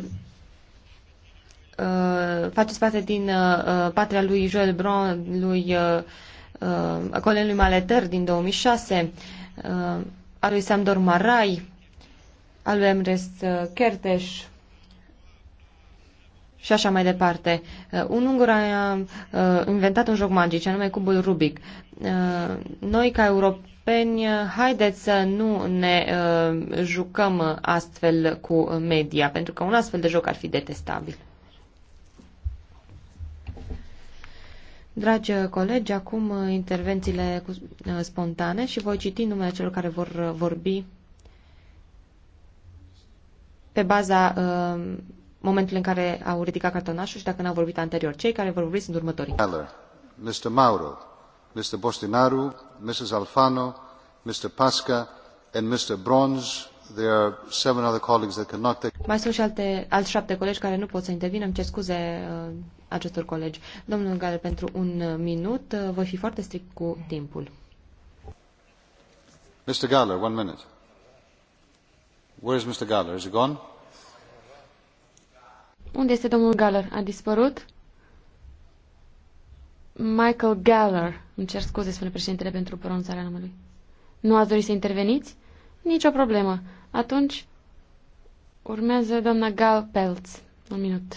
S3: uh, faceți parte din uh, uh patria lui Joel Bron, lui uh, uh colegului Maletăr din 2006, uh, al lui Samdor Marai, al lui Emrest uh, Kertes și așa mai departe. Uh, un ungur a uh, inventat un joc magic, anume cubul Rubik. Uh, noi, ca europeni, Peni, haideți să nu ne uh, jucăm astfel cu media, pentru că un astfel de joc ar fi detestabil. Dragi colegi, acum intervențiile cu, uh, spontane și voi citi numele celor care vor uh, vorbi pe baza uh, momentului în care au ridicat cartonașul și dacă n-au vorbit anterior. Cei care vor vorbi sunt următorii.
S4: Mr. Mauro, mr botinaru mrs alfano mr paka and mr brons. There are seven other colleagues that cannot take...
S3: Mai sunt și alte, alți șapte colegi care nu pot să intervină. Îmi cer scuze uh, acestor colegi. Domnul Gal, pentru un uh, minut, uh, voi fi foarte strict cu timpul.
S4: Mr. Galler, one minute. Where is Mr. Galler? Is he gone?
S2: Unde este domnul Galler? A dispărut? Michael Galler. Îmi cer scuze, spune președintele, pentru pronunțarea numelui. Nu ați dorit să interveniți? Nici o problemă. Atunci urmează doamna Gal Peltz. Un minut.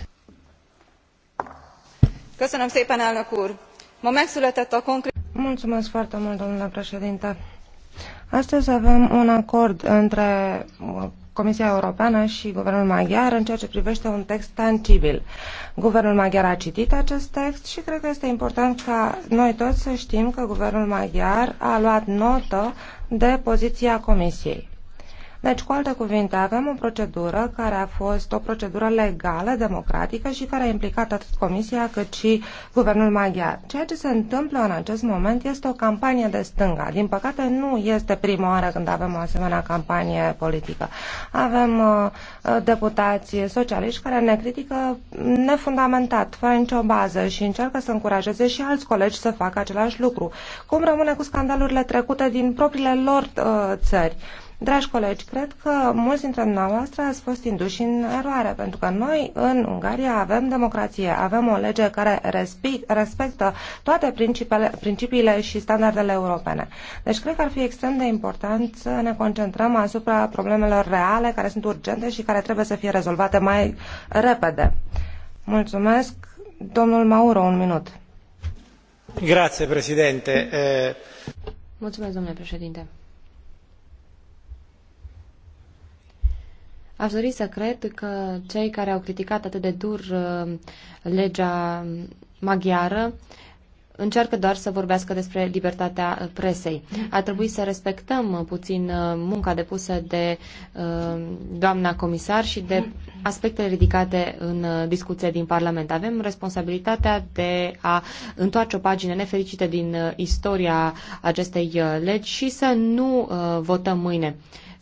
S1: Köszönöm szépen, elnök úr! Ma megszületett a concret. Mulțumesc foarte mult, domnule președinte. Astăzi avem un acord între Comisia Europeană și Guvernul Maghiar în ceea ce privește un text tangibil. Guvernul Maghiar a citit acest text și cred că este important ca noi toți să știm că Guvernul Maghiar a luat notă de poziția Comisiei. Deci, cu alte cuvinte, avem o procedură care a fost o procedură legală, democratică și care a implicat atât Comisia cât și Guvernul Maghiar. Ceea ce se întâmplă în acest moment este o campanie de stânga. Din păcate, nu este prima oară când avem o asemenea campanie politică. Avem uh, uh deputați socialiști care ne critică nefundamentat, fără nicio bază și încearcă să încurajeze și alți colegi să facă același lucru. Cum rămâne cu scandalurile trecute din propriile lor uh, țări? Uh, Dragi colegi, cred că mulți dintre dumneavoastră ați fost induși în eroare, pentru că noi în Ungaria avem democrație, avem o lege care respectă toate principiile și standardele europene. Deci cred că ar fi extrem de important să ne concentrăm asupra problemelor reale care sunt urgente și care trebuie să fie rezolvate mai repede. Mulțumesc. Domnul Mauro, un minut.
S5: Grazie, președinte. Eh,
S1: Mulțumesc, domnule președinte.
S3: Aș dori să cred că cei care au criticat atât de dur uh, legea maghiară încearcă doar să vorbească despre libertatea uh, presei. Ar trebui să respectăm uh, puțin munca depusă de doamna comisar și de aspectele ridicate în discuție din Parlament. Avem responsabilitatea de a întoarce o pagină nefericită din istoria acestei legi și să nu votăm mâine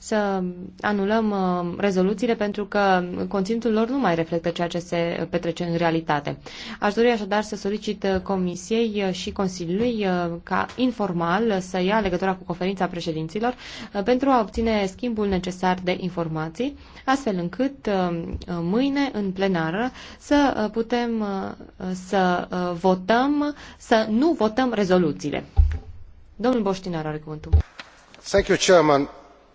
S3: să anulăm uh, rezoluțiile pentru că conținutul lor nu mai reflectă ceea ce se petrece în realitate. Aș dori așadar să solicit uh, Comisiei uh, și Consiliului ca informal să ia legătura cu conferința președinților pentru a obține schimbul necesar de informații, astfel încât mâine în plenară să putem să votăm, să nu votăm rezoluțiile.
S1: Domnul Boștinar are cuvântul.
S5: Thank you, Chairman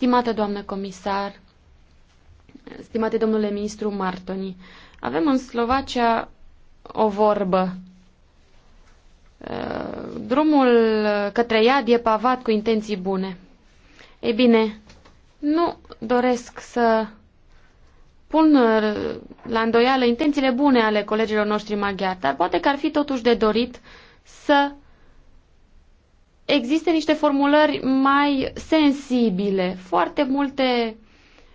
S2: Stimată doamnă comisar, stimate domnule ministru Martoni, avem în Slovacia o vorbă. Uh, drumul către iad e pavat cu intenții bune. Ei bine, nu doresc să pun uh, la îndoială intențiile bune ale colegilor noștri maghiari, dar poate că ar fi totuși de dorit să uh, Există niște formulări mai sensibile. Foarte multe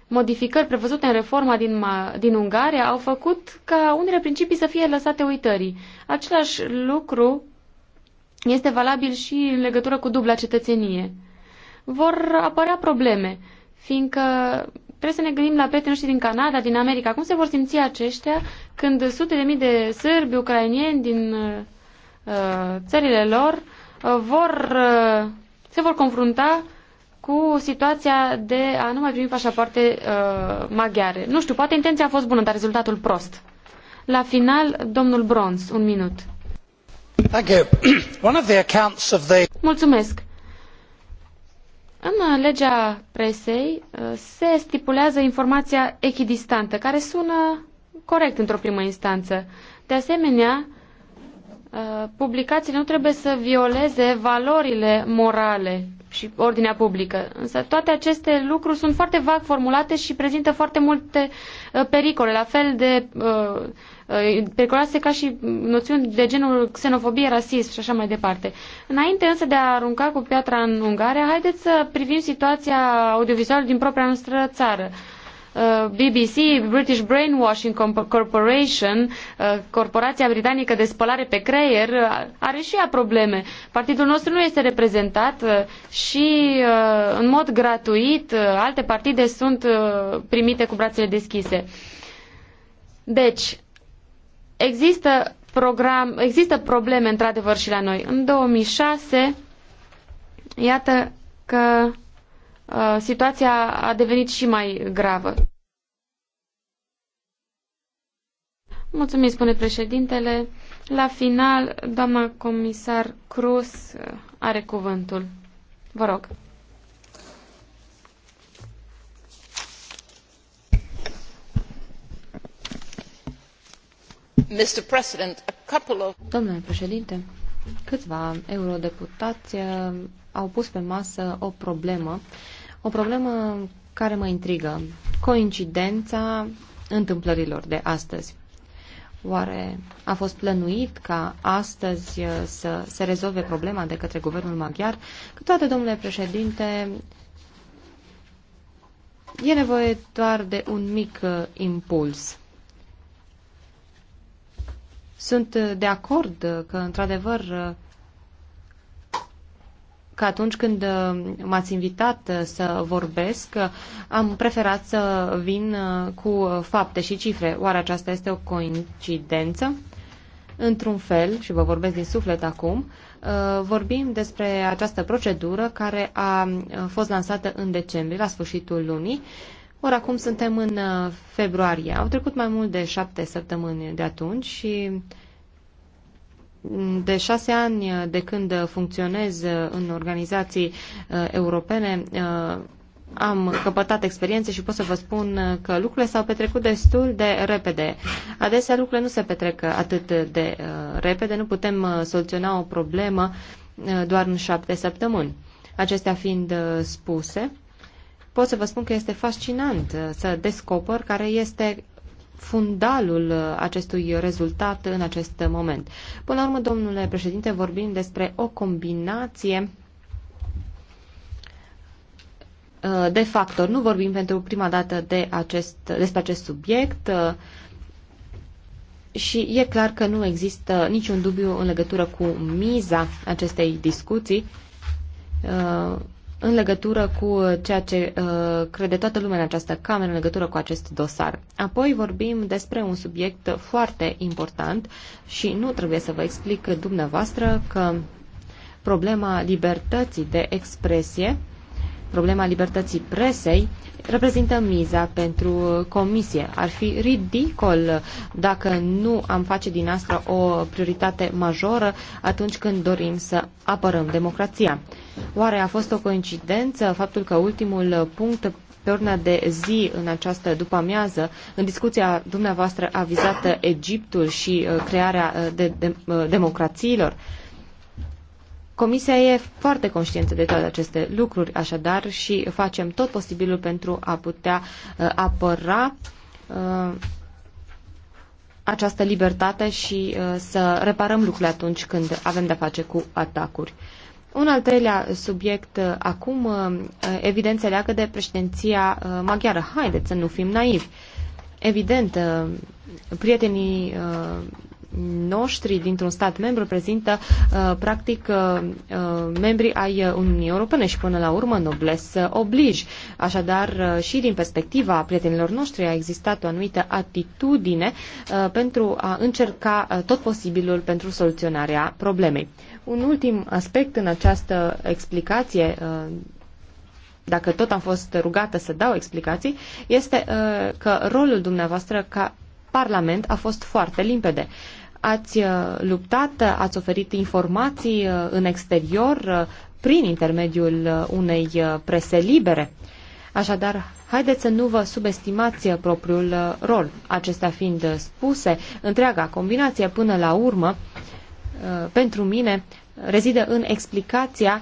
S2: modificări prevăzute în reforma din, din Ungaria au făcut ca unele principii să fie lăsate uitării. Același lucru este valabil și în legătură cu dubla cetățenie. Vor apărea probleme, fiindcă trebuie să ne gândim la prietenii noștri din Canada, din America. Cum se vor simți aceștia când sute de mii de sârbi, ucrainieni din uh, țările lor Uh, vor, uh, se vor confrunta cu situația de a nu mai primi pașapoarte uh, maghiare. Nu știu, poate intenția a fost bună, dar rezultatul prost. La final, domnul Bronz, un minut.
S5: Thank you. One of the accounts of the...
S2: Mulțumesc. În legea presei uh, se stipulează informația echidistantă, care sună corect într-o primă instanță. De asemenea, Uh, publicații nu trebuie să violeze valorile morale și ordinea publică. Însă toate aceste lucruri sunt foarte vag formulate și prezintă foarte multe uh, pericole, la fel de uh, periculoase ca și noțiuni de genul xenofobie, rasism și așa mai departe. Înainte însă de a arunca cu piatra în Ungaria, haideți să privim situația audiovizuală din propria noastră țară. Uh, Uh, BBC, British Brainwashing Corporation, uh, corporația britanică de spălare pe creier, uh, are și ea probleme. Partidul nostru nu este reprezentat și în mod gratuit alte partide sunt primite cu brațele deschise. Deci, există, program, există probleme într-adevăr și la noi. În 2006, iată că Uh, situația a devenit și mai gravă. Mulțumim, spune președintele. La final, doamna comisar Cruz uh, are cuvântul. Vă rog.
S3: Domnule președinte, câțiva eurodeputați uh, au pus pe masă o problemă o problemă care mă intrigă. Coincidența întâmplărilor de astăzi. Oare a fost plănuit ca astăzi uh, să se rezolve problema de către guvernul maghiar? toate domnule președinte, e nevoie doar de un mic uh, impuls. Sunt uh, de acord că, într-adevăr, că atunci când uh, m-ați invitat uh, să vorbesc, uh, am preferat să vin cu fapte și cifre. Oare aceasta este o coincidență? Într-un fel, și vă vorbesc din suflet acum, vorbim despre această procedură care a fost lansată în decembrie, la sfârșitul lunii. Ori acum suntem în februarie. Au trecut mai mult de șapte săptămâni de atunci și de șase ani de când funcționez în organizații uh, europene, uh, am căpătat experiențe și pot să vă spun că lucrurile s-au petrecut destul de repede. Adesea lucrurile nu se petrec atât de uh, repede, nu putem soluționa o problemă doar în șapte săptămâni. Acestea fiind spuse, pot să vă spun că este fascinant să descoper care este fundalul uh, acestui rezultat în acest moment. Până la urmă, domnule președinte, vorbim despre o combinație uh, de factor. Nu vorbim pentru prima dată de acest, despre acest subiect uh, și e clar că nu există niciun dubiu în legătură cu miza acestei discuții în legătură cu uh, ceea ce uh, crede toată lumea în această cameră, în legătură cu acest dosar. Apoi vorbim despre un subiect foarte important și nu trebuie să vă explic dumneavoastră că problema libertății de expresie problema libertății presei reprezintă miza pentru comisie. Ar fi ridicol dacă nu am face din asta o prioritate majoră atunci când dorim să apărăm democrația. Oare a fost o coincidență faptul că ultimul punct pe ordinea de zi în această după-amiază, în discuția dumneavoastră a vizat Egiptul și uh, crearea uh, de, de, uh, democrațiilor? Comisia e foarte conștientă de toate aceste lucruri, așadar, și facem tot posibilul pentru a putea uh, apăra uh, această libertate și uh, să reparăm lucrurile atunci când avem de-a face cu atacuri. Un al treilea subiect uh, acum, uh, evident, se leagă de președinția uh, maghiară. Haideți să nu fim naivi. Evident, uh, prietenii uh, noștri dintr-un stat membru prezintă uh, practic uh, uh, membrii ai uh, Uniunii Europene și până la urmă nobles uh, obligi. Așadar, uh, și din perspectiva prietenilor noștri a existat o anumită atitudine uh, pentru a încerca uh, tot posibilul pentru soluționarea problemei. Un ultim aspect în această explicație uh, dacă tot am fost rugată să dau explicații, este uh, că rolul dumneavoastră ca Parlament a fost foarte limpede. Uh, ați uh, luptat, uh, ați oferit informații uh, în exterior prin intermediul unei prese libere. Așadar, haideți să nu vă subestimați propriul rol. Acestea fiind spuse, întreaga combinație până la urmă, pentru mine, rezidă în explicația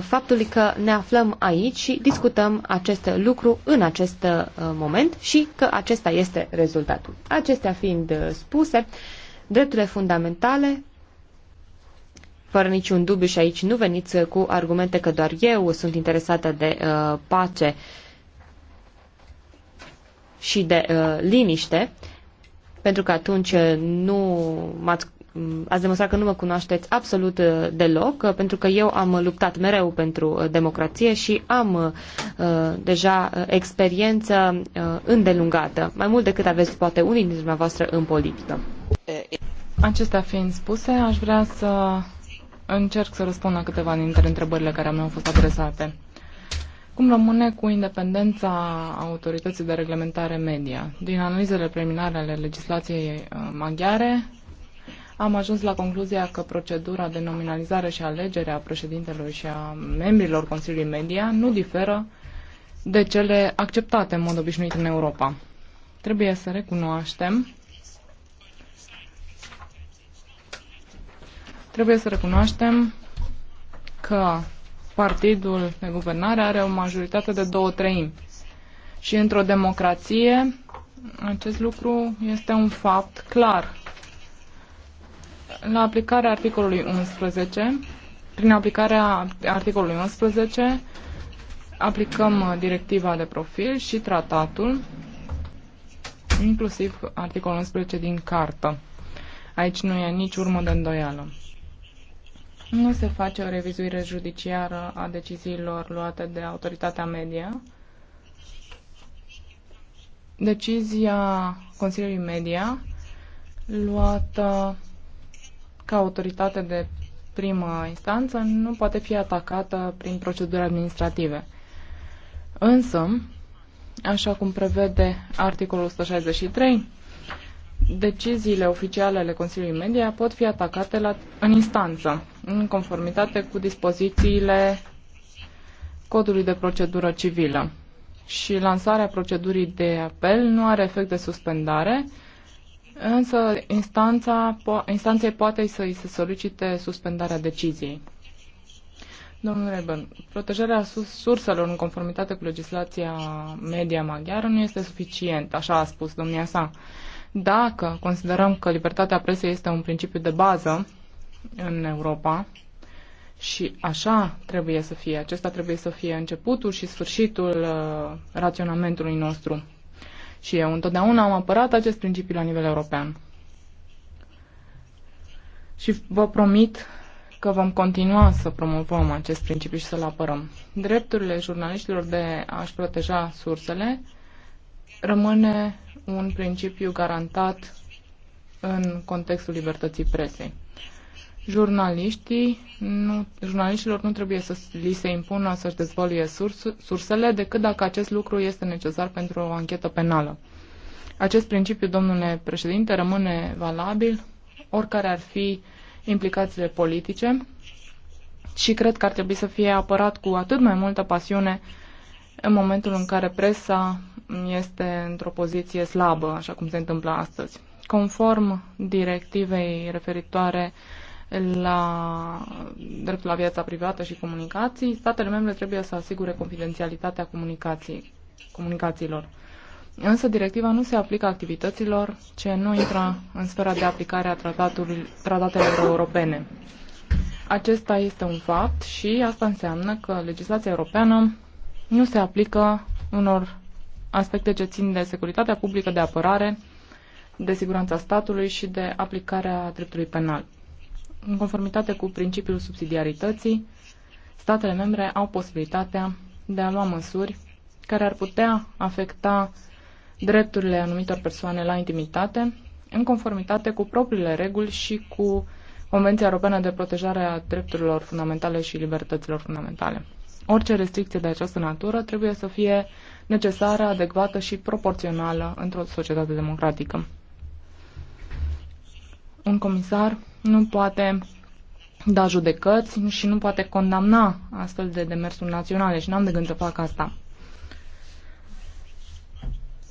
S3: faptului că ne aflăm aici și discutăm acest lucru în acest moment și că acesta este rezultatul. Acestea fiind spuse, drepturile fundamentale, fără niciun dubiu și aici nu veniți uh, cu argumente că doar eu sunt interesată de uh, pace și de uh, liniște, pentru că atunci uh, nu m-ați mm, ați demonstrat că nu mă cunoașteți absolut uh, deloc, pentru că eu am luptat mereu pentru democrație și am deja experiență îndelungată, mai mult decât aveți poate unii dintre dumneavoastră în politică.
S7: Acestea fiind spuse, aș vrea să încerc să răspund la câteva dintre întrebările care mi-au fost adresate. Cum rămâne cu independența autorității de reglementare media? Din analizele preliminare ale legislației uh, maghiare, am ajuns la concluzia că procedura de nominalizare și alegere a președintelui și a membrilor Consiliului Media nu diferă de cele acceptate în mod obișnuit în Europa. Trebuie să recunoaștem Trebuie să recunoaștem că partidul de guvernare are o majoritate de două treimi. Și într-o democrație acest lucru este un fapt clar. La aplicarea articolului 11, prin aplicarea articolului 11, aplicăm directiva de profil și tratatul, inclusiv articolul 11 din cartă. Aici nu e nici urmă de îndoială nu se face o revizuire judiciară a deciziilor luate de autoritatea media. Decizia Consiliului Media, luată ca autoritate de primă instanță, nu poate fi atacată prin proceduri administrative. Însă, așa cum prevede articolul 163, deciziile oficiale ale Consiliului Media pot fi atacate la, în instanță, în conformitate cu dispozițiile codului de procedură civilă. Și lansarea procedurii de apel nu are efect de suspendare, însă instanța, po- instanței poate să îi se solicite suspendarea deciziei. Domnule Reben, protejarea surselor în conformitate cu legislația media maghiară nu este suficient, așa a spus domnia sa. Dacă considerăm că libertatea presei este un principiu de bază în Europa și așa trebuie să fie, acesta trebuie să fie începutul și sfârșitul uh, raționamentului nostru. Și eu întotdeauna am apărat acest principiu la nivel european. Și vă promit că vom continua să promovăm acest principiu și să-l apărăm. Drepturile jurnaliștilor de a-și proteja sursele rămâne un principiu garantat în contextul libertății presei. Jurnaliștii nu, jurnaliștilor nu trebuie să li se impună să-și dezvăluie surs, sursele decât dacă acest lucru este necesar pentru o anchetă penală. Acest principiu, domnule președinte, rămâne valabil oricare ar fi implicațiile politice și cred că ar trebui să fie apărat cu atât mai multă pasiune în momentul în care presa este într-o poziție slabă, așa cum se întâmplă astăzi. Conform directivei referitoare la dreptul la viața privată și comunicații, statele membre trebuie să asigure confidențialitatea comunicației, comunicațiilor. Însă directiva nu se aplică activităților ce nu intră în sfera de aplicare a tratatelor europene. Acesta este un fapt și asta înseamnă că legislația europeană nu se aplică unor aspecte ce țin de securitatea publică, de apărare, de siguranța statului și de aplicarea dreptului penal. În conformitate cu principiul subsidiarității, statele membre au posibilitatea de a lua măsuri care ar putea afecta drepturile anumitor persoane la intimitate, în conformitate cu propriile reguli și cu Convenția Europeană de Protejare a Drepturilor Fundamentale și Libertăților Fundamentale. Orice restricție de această natură trebuie să fie necesară, adecvată și proporțională într-o societate democratică. Un comisar nu poate da judecăți și nu poate condamna astfel de demersuri naționale și n-am de gând să fac asta.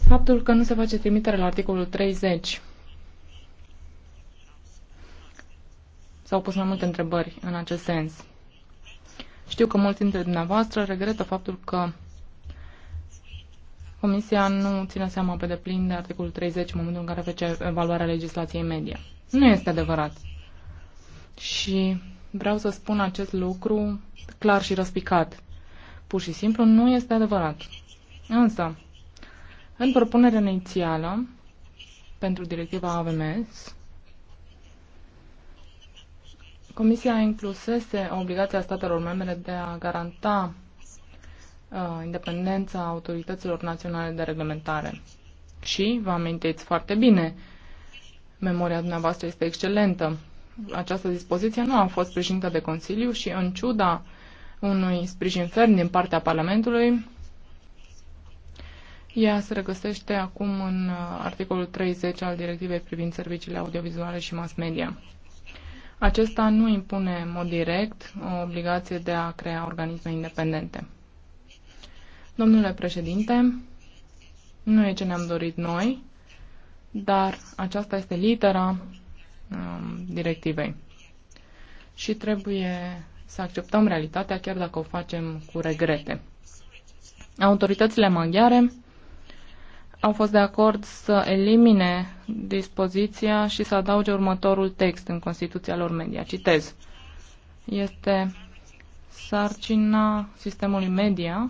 S7: Faptul că nu se face trimitere la articolul 30 S-au pus mai multe întrebări în acest sens. Știu că mulți dintre dumneavoastră regretă faptul că Comisia nu ține seama pe deplin de articolul 30 în momentul în care face evaluarea legislației media. Nu este adevărat. Și vreau să spun acest lucru clar și răspicat. Pur și simplu nu este adevărat. Însă, în propunerea inițială pentru directiva AVMS, Comisia inclusese obligația statelor membre de a garanta Uh, independența autorităților naționale de reglementare. Și vă amintiți foarte bine, memoria dumneavoastră este excelentă. Această dispoziție nu a fost sprijinită de Consiliu și, în ciuda unui sprijin ferm din partea Parlamentului, ea se regăsește acum în uh, articolul 30 al directivei privind serviciile audiovizuale și mass media. Acesta nu impune în mod direct o obligație de a crea organisme independente. Domnule președinte, nu e ce ne-am dorit noi, dar aceasta este litera um, directivei. Și trebuie să acceptăm realitatea, chiar dacă o facem cu regrete. Autoritățile maghiare au fost de acord să elimine dispoziția și să adauge următorul text în Constituția lor media. Citez. Este sarcina sistemului media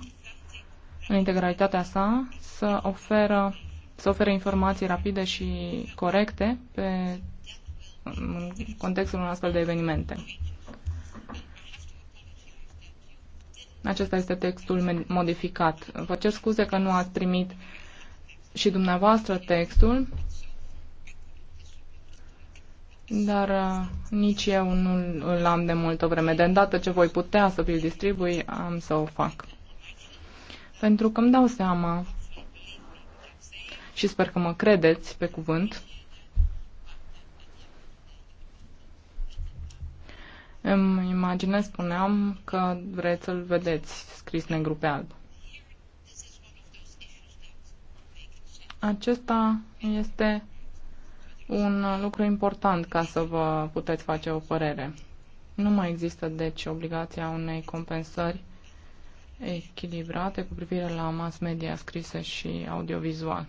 S7: în integralitatea sa, să oferă, să ofere informații rapide și corecte pe, în contextul unor astfel de evenimente. Acesta este textul modificat. Vă cer scuze că nu ați primit și dumneavoastră textul, dar uh, nici eu nu l am de multă vreme. De îndată ce voi putea să vi-l distribui, am să o fac. Pentru că îmi dau seama și sper că mă credeți pe cuvânt. Îmi imaginez, spuneam, că vreți să-l vedeți scris negru pe alb. Acesta este un lucru important ca să vă puteți face o părere. Nu mai există, deci, obligația unei compensări echilibrate cu privire la mass media scrise și audiovizual,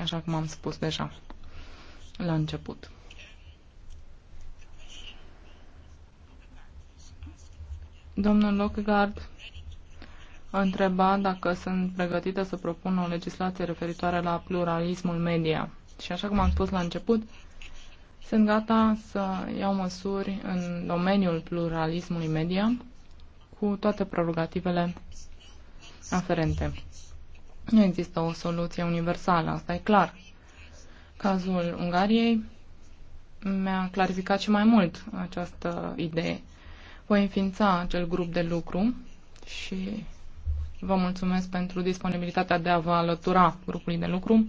S7: așa cum am spus deja la început. Domnul Lockhart întrebat dacă sunt pregătită să propun o legislație referitoare la pluralismul media. Și așa cum am spus la început, sunt gata să iau măsuri în domeniul pluralismului media cu toate prerogativele aferente. Nu există o soluție universală, asta e clar. Cazul Ungariei mi-a clarificat și mai mult această idee. Voi înființa acel grup de lucru și vă mulțumesc pentru disponibilitatea de a vă alătura grupului de lucru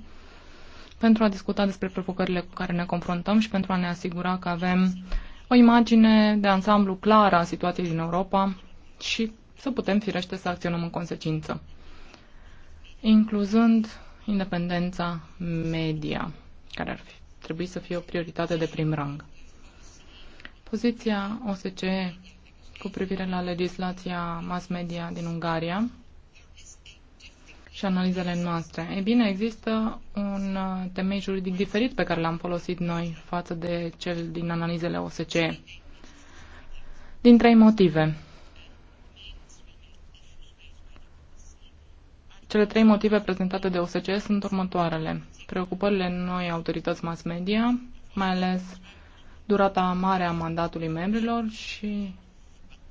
S7: pentru a discuta despre provocările cu care ne confruntăm și pentru a ne asigura că avem o imagine de ansamblu clară a situației din Europa și să putem firește să acționăm în consecință, incluzând independența media, care ar fi, trebui să fie o prioritate de prim rang. Poziția OSCE cu privire la legislația mass media din Ungaria și analizele noastre. E bine, există un uh, temei juridic diferit pe care l-am folosit noi față de cel din analizele OSCE. Din trei motive. Cele trei motive prezentate de OSCE sunt următoarele. Preocupările noi autorități mass media, mai ales durata mare a mandatului membrilor și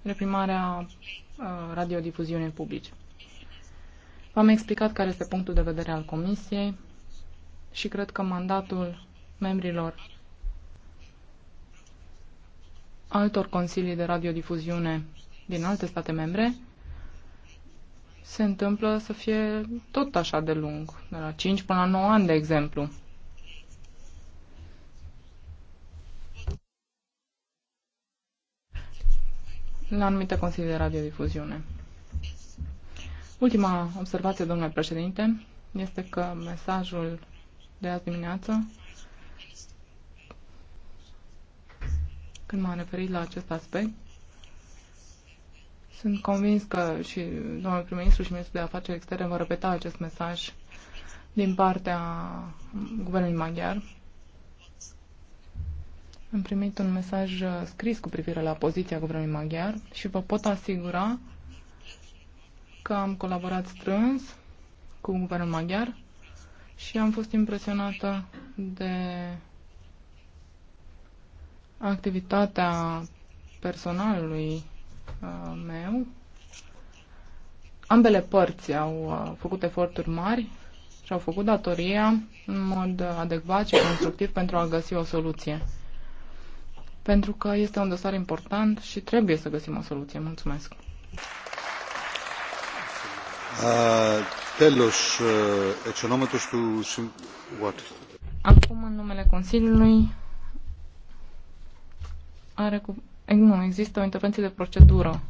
S7: reprimarea uh, radiodifuziunii publice. V-am explicat care este punctul de vedere al Comisiei și cred că mandatul membrilor altor consilii de radiodifuziune din alte state membre se întâmplă să fie tot așa de lung, de la 5 până la 9 ani, de exemplu. La considerații de radiodifuziune. Ultima observație, domnule președinte, este că mesajul de azi dimineață, când m-am referit la acest aspect, sunt convins că și domnul prim-ministru și ministrul de afaceri externe vor repeta acest mesaj din partea guvernului maghiar. Am primit un mesaj scris cu privire la poziția guvernului maghiar și vă pot asigura că am colaborat strâns cu guvernul maghiar și am fost impresionată de activitatea personalului Uh, meu. Ambele părți au uh, făcut eforturi mari și au făcut datoria în mod adecvat și constructiv pentru a găsi o soluție. Pentru că este un dosar important și trebuie să găsim o soluție. Mulțumesc!
S4: Τέλος, εξ ονόματος What?
S7: Acum, în numele Consiliului, are cu... Nu, există o intervenție de procedură.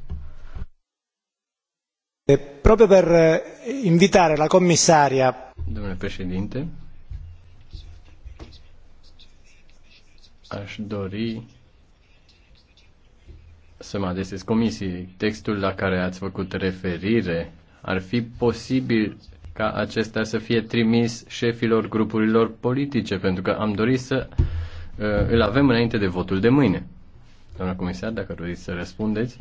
S5: Proprio per eh, invitare la commissaria.
S6: Domnule președinte, aș dori să mă adesez comisiei. Textul la care ați făcut referire ar fi posibil ca acesta să fie trimis șefilor grupurilor politice, pentru că am dorit să uh, îl avem înainte de votul de mâine. Doamna comisar, dacă doriți să răspundeți.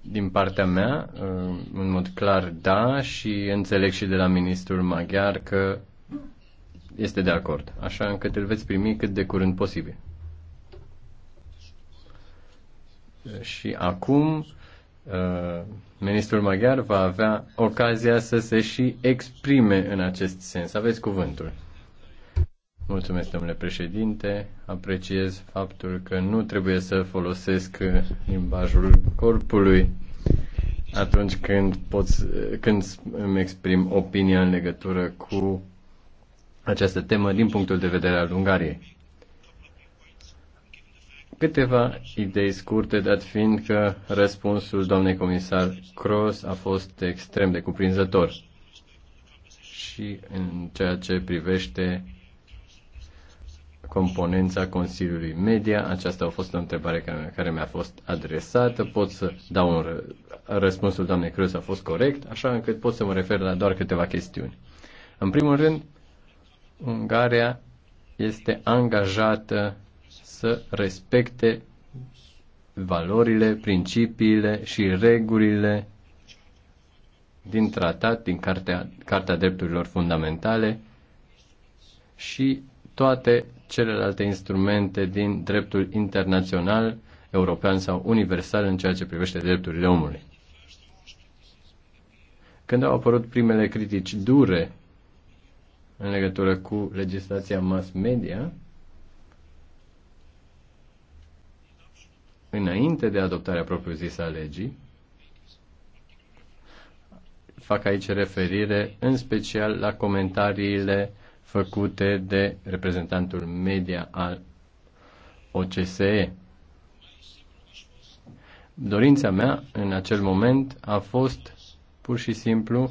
S6: Din partea mea, uh, în mod clar, da, și înțeleg și de la ministrul maghiar că este de acord, așa încât îl veți primi cât de curând posibil. Și acum, uh, ministrul maghiar va avea ocazia să se și exprime în acest sens. Aveți cuvântul. Mulțumesc, domnule președinte. Apreciez faptul că nu trebuie să folosesc limbajul corpului atunci când, pot, când îmi exprim opinia în legătură cu această temă din punctul de vedere al Ungariei. Câteva idei scurte, dat fiind că răspunsul doamnei comisar Cross a fost extrem de cuprinzător și în ceea ce privește componența Consiliului Media? Aceasta a fost o întrebare care, mi-a fost adresată. Pot să dau un răspunsul doamnei Cruz a fost corect, așa încât pot să mă refer la doar câteva chestiuni. În primul rând, Ungaria este angajată să respecte valorile, principiile și regulile din tratat, din Cartea, Cartea Drepturilor Fundamentale și toate celelalte instrumente din dreptul internațional, european sau universal în ceea ce privește drepturile omului. Când au apărut primele critici dure în legătură cu legislația mass media, înainte de adoptarea propriu-zisă a legii, fac aici referire în special la comentariile făcute de reprezentantul media al OCSE. Dorința mea în acel moment a fost pur și simplu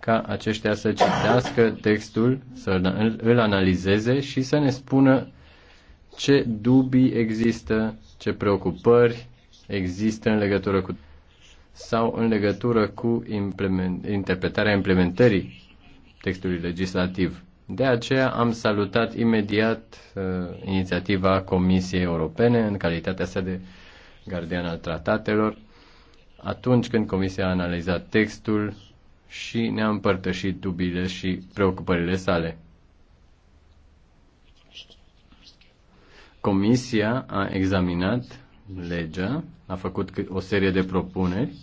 S6: ca aceștia să citească textul, să îl, analizeze și să ne spună ce dubii există, ce preocupări există în legătură cu sau în legătură cu implement, interpretarea implementării textului legislativ. De aceea am salutat imediat uh, inițiativa Comisiei Europene în calitatea sa de gardian al tratatelor, atunci când Comisia a analizat textul și ne-a împărtășit dubile și preocupările sale. Comisia a examinat legea, a făcut o serie de propuneri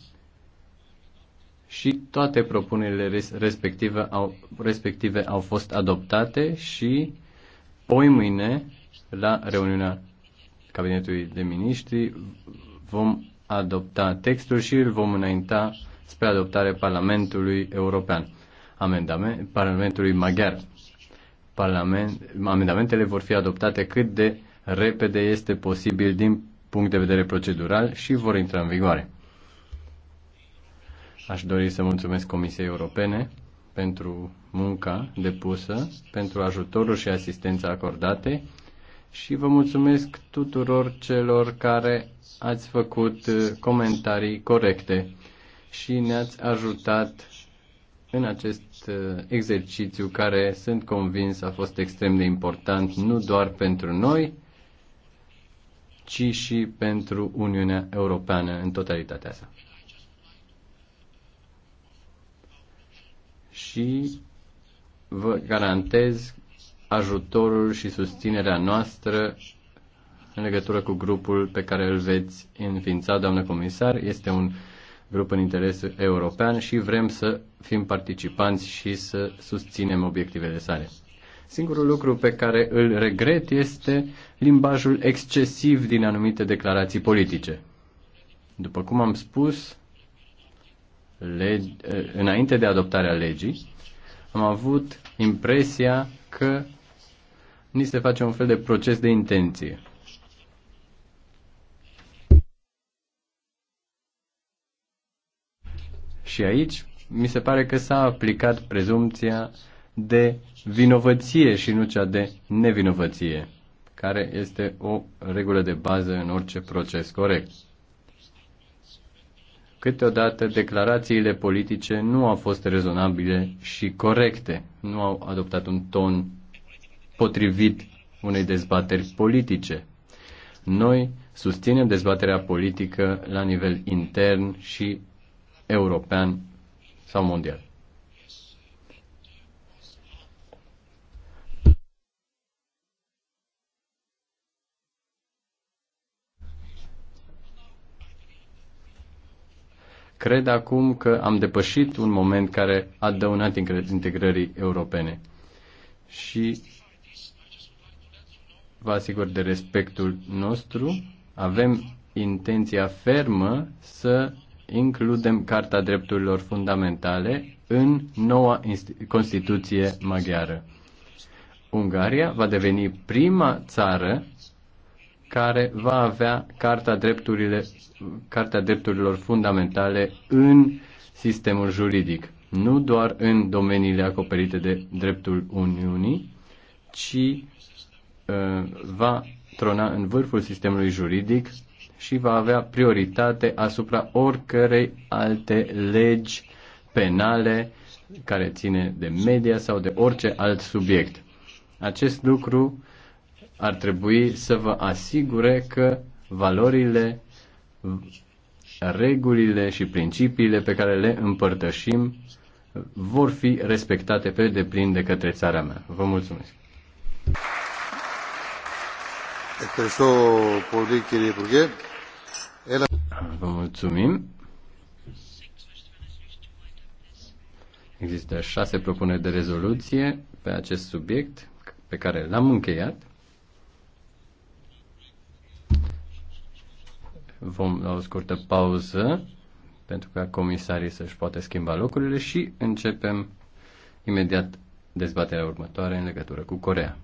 S6: și toate propunerile respective au, respective au fost adoptate și poi mâine, la reuniunea Cabinetului de Miniștri vom adopta textul și îl vom înainta spre adoptare Parlamentului European, amendament, Parlamentului Maghiar. Parlament, amendamentele vor fi adoptate cât de repede este posibil din punct de vedere procedural și vor intra în vigoare. Aș dori să mulțumesc Comisiei Europene pentru munca depusă, pentru ajutorul și asistența acordate și vă mulțumesc tuturor celor care ați făcut uh, comentarii corecte și ne-ați ajutat în acest uh, exercițiu care, sunt convins, a fost extrem de important nu doar pentru noi, ci și pentru Uniunea Europeană în totalitatea sa. și vă garantez ajutorul și susținerea noastră în legătură cu grupul pe care îl veți înființa, doamnă comisar. Este un grup în interes european și vrem să fim participanți și să susținem obiectivele sale. Singurul lucru pe care îl regret este limbajul excesiv din anumite declarații politice. După cum am spus, lege, înainte de adoptarea legii, am avut impresia că ni se face un fel de proces de intenție. Și aici mi se pare că s-a aplicat prezumția de vinovăție și nu cea de nevinovăție, care este o regulă de bază în orice proces corect. Câteodată declarațiile politice nu au fost rezonabile și corecte, nu au adoptat un ton potrivit unei dezbateri politice. Noi susținem dezbaterea politică la nivel intern și european sau mondial. Cred acum că am depășit un moment care a dăunat integrării europene. Și vă asigur de respectul nostru. Avem intenția fermă să includem Carta Drepturilor Fundamentale în noua Constituție maghiară. Ungaria va deveni prima țară care va avea Carta, Drepturile, Carta Drepturilor Fundamentale în sistemul juridic, nu doar în domeniile acoperite de dreptul Uniunii, ci uh, va trona în vârful sistemului juridic și va avea prioritate asupra oricărei alte legi penale care ține de media sau de orice alt subiect. Acest lucru ar trebui să vă asigure că valorile, regulile și principiile pe care le împărtășim vor fi respectate pe deplin de către țara mea. Vă mulțumesc. Vă mulțumim. Există șase propuneri de rezoluție pe acest subiect pe care l-am încheiat. Vom la o scurtă pauză pentru ca comisarii să-și poată schimba locurile și începem imediat dezbaterea următoare în legătură cu Corea.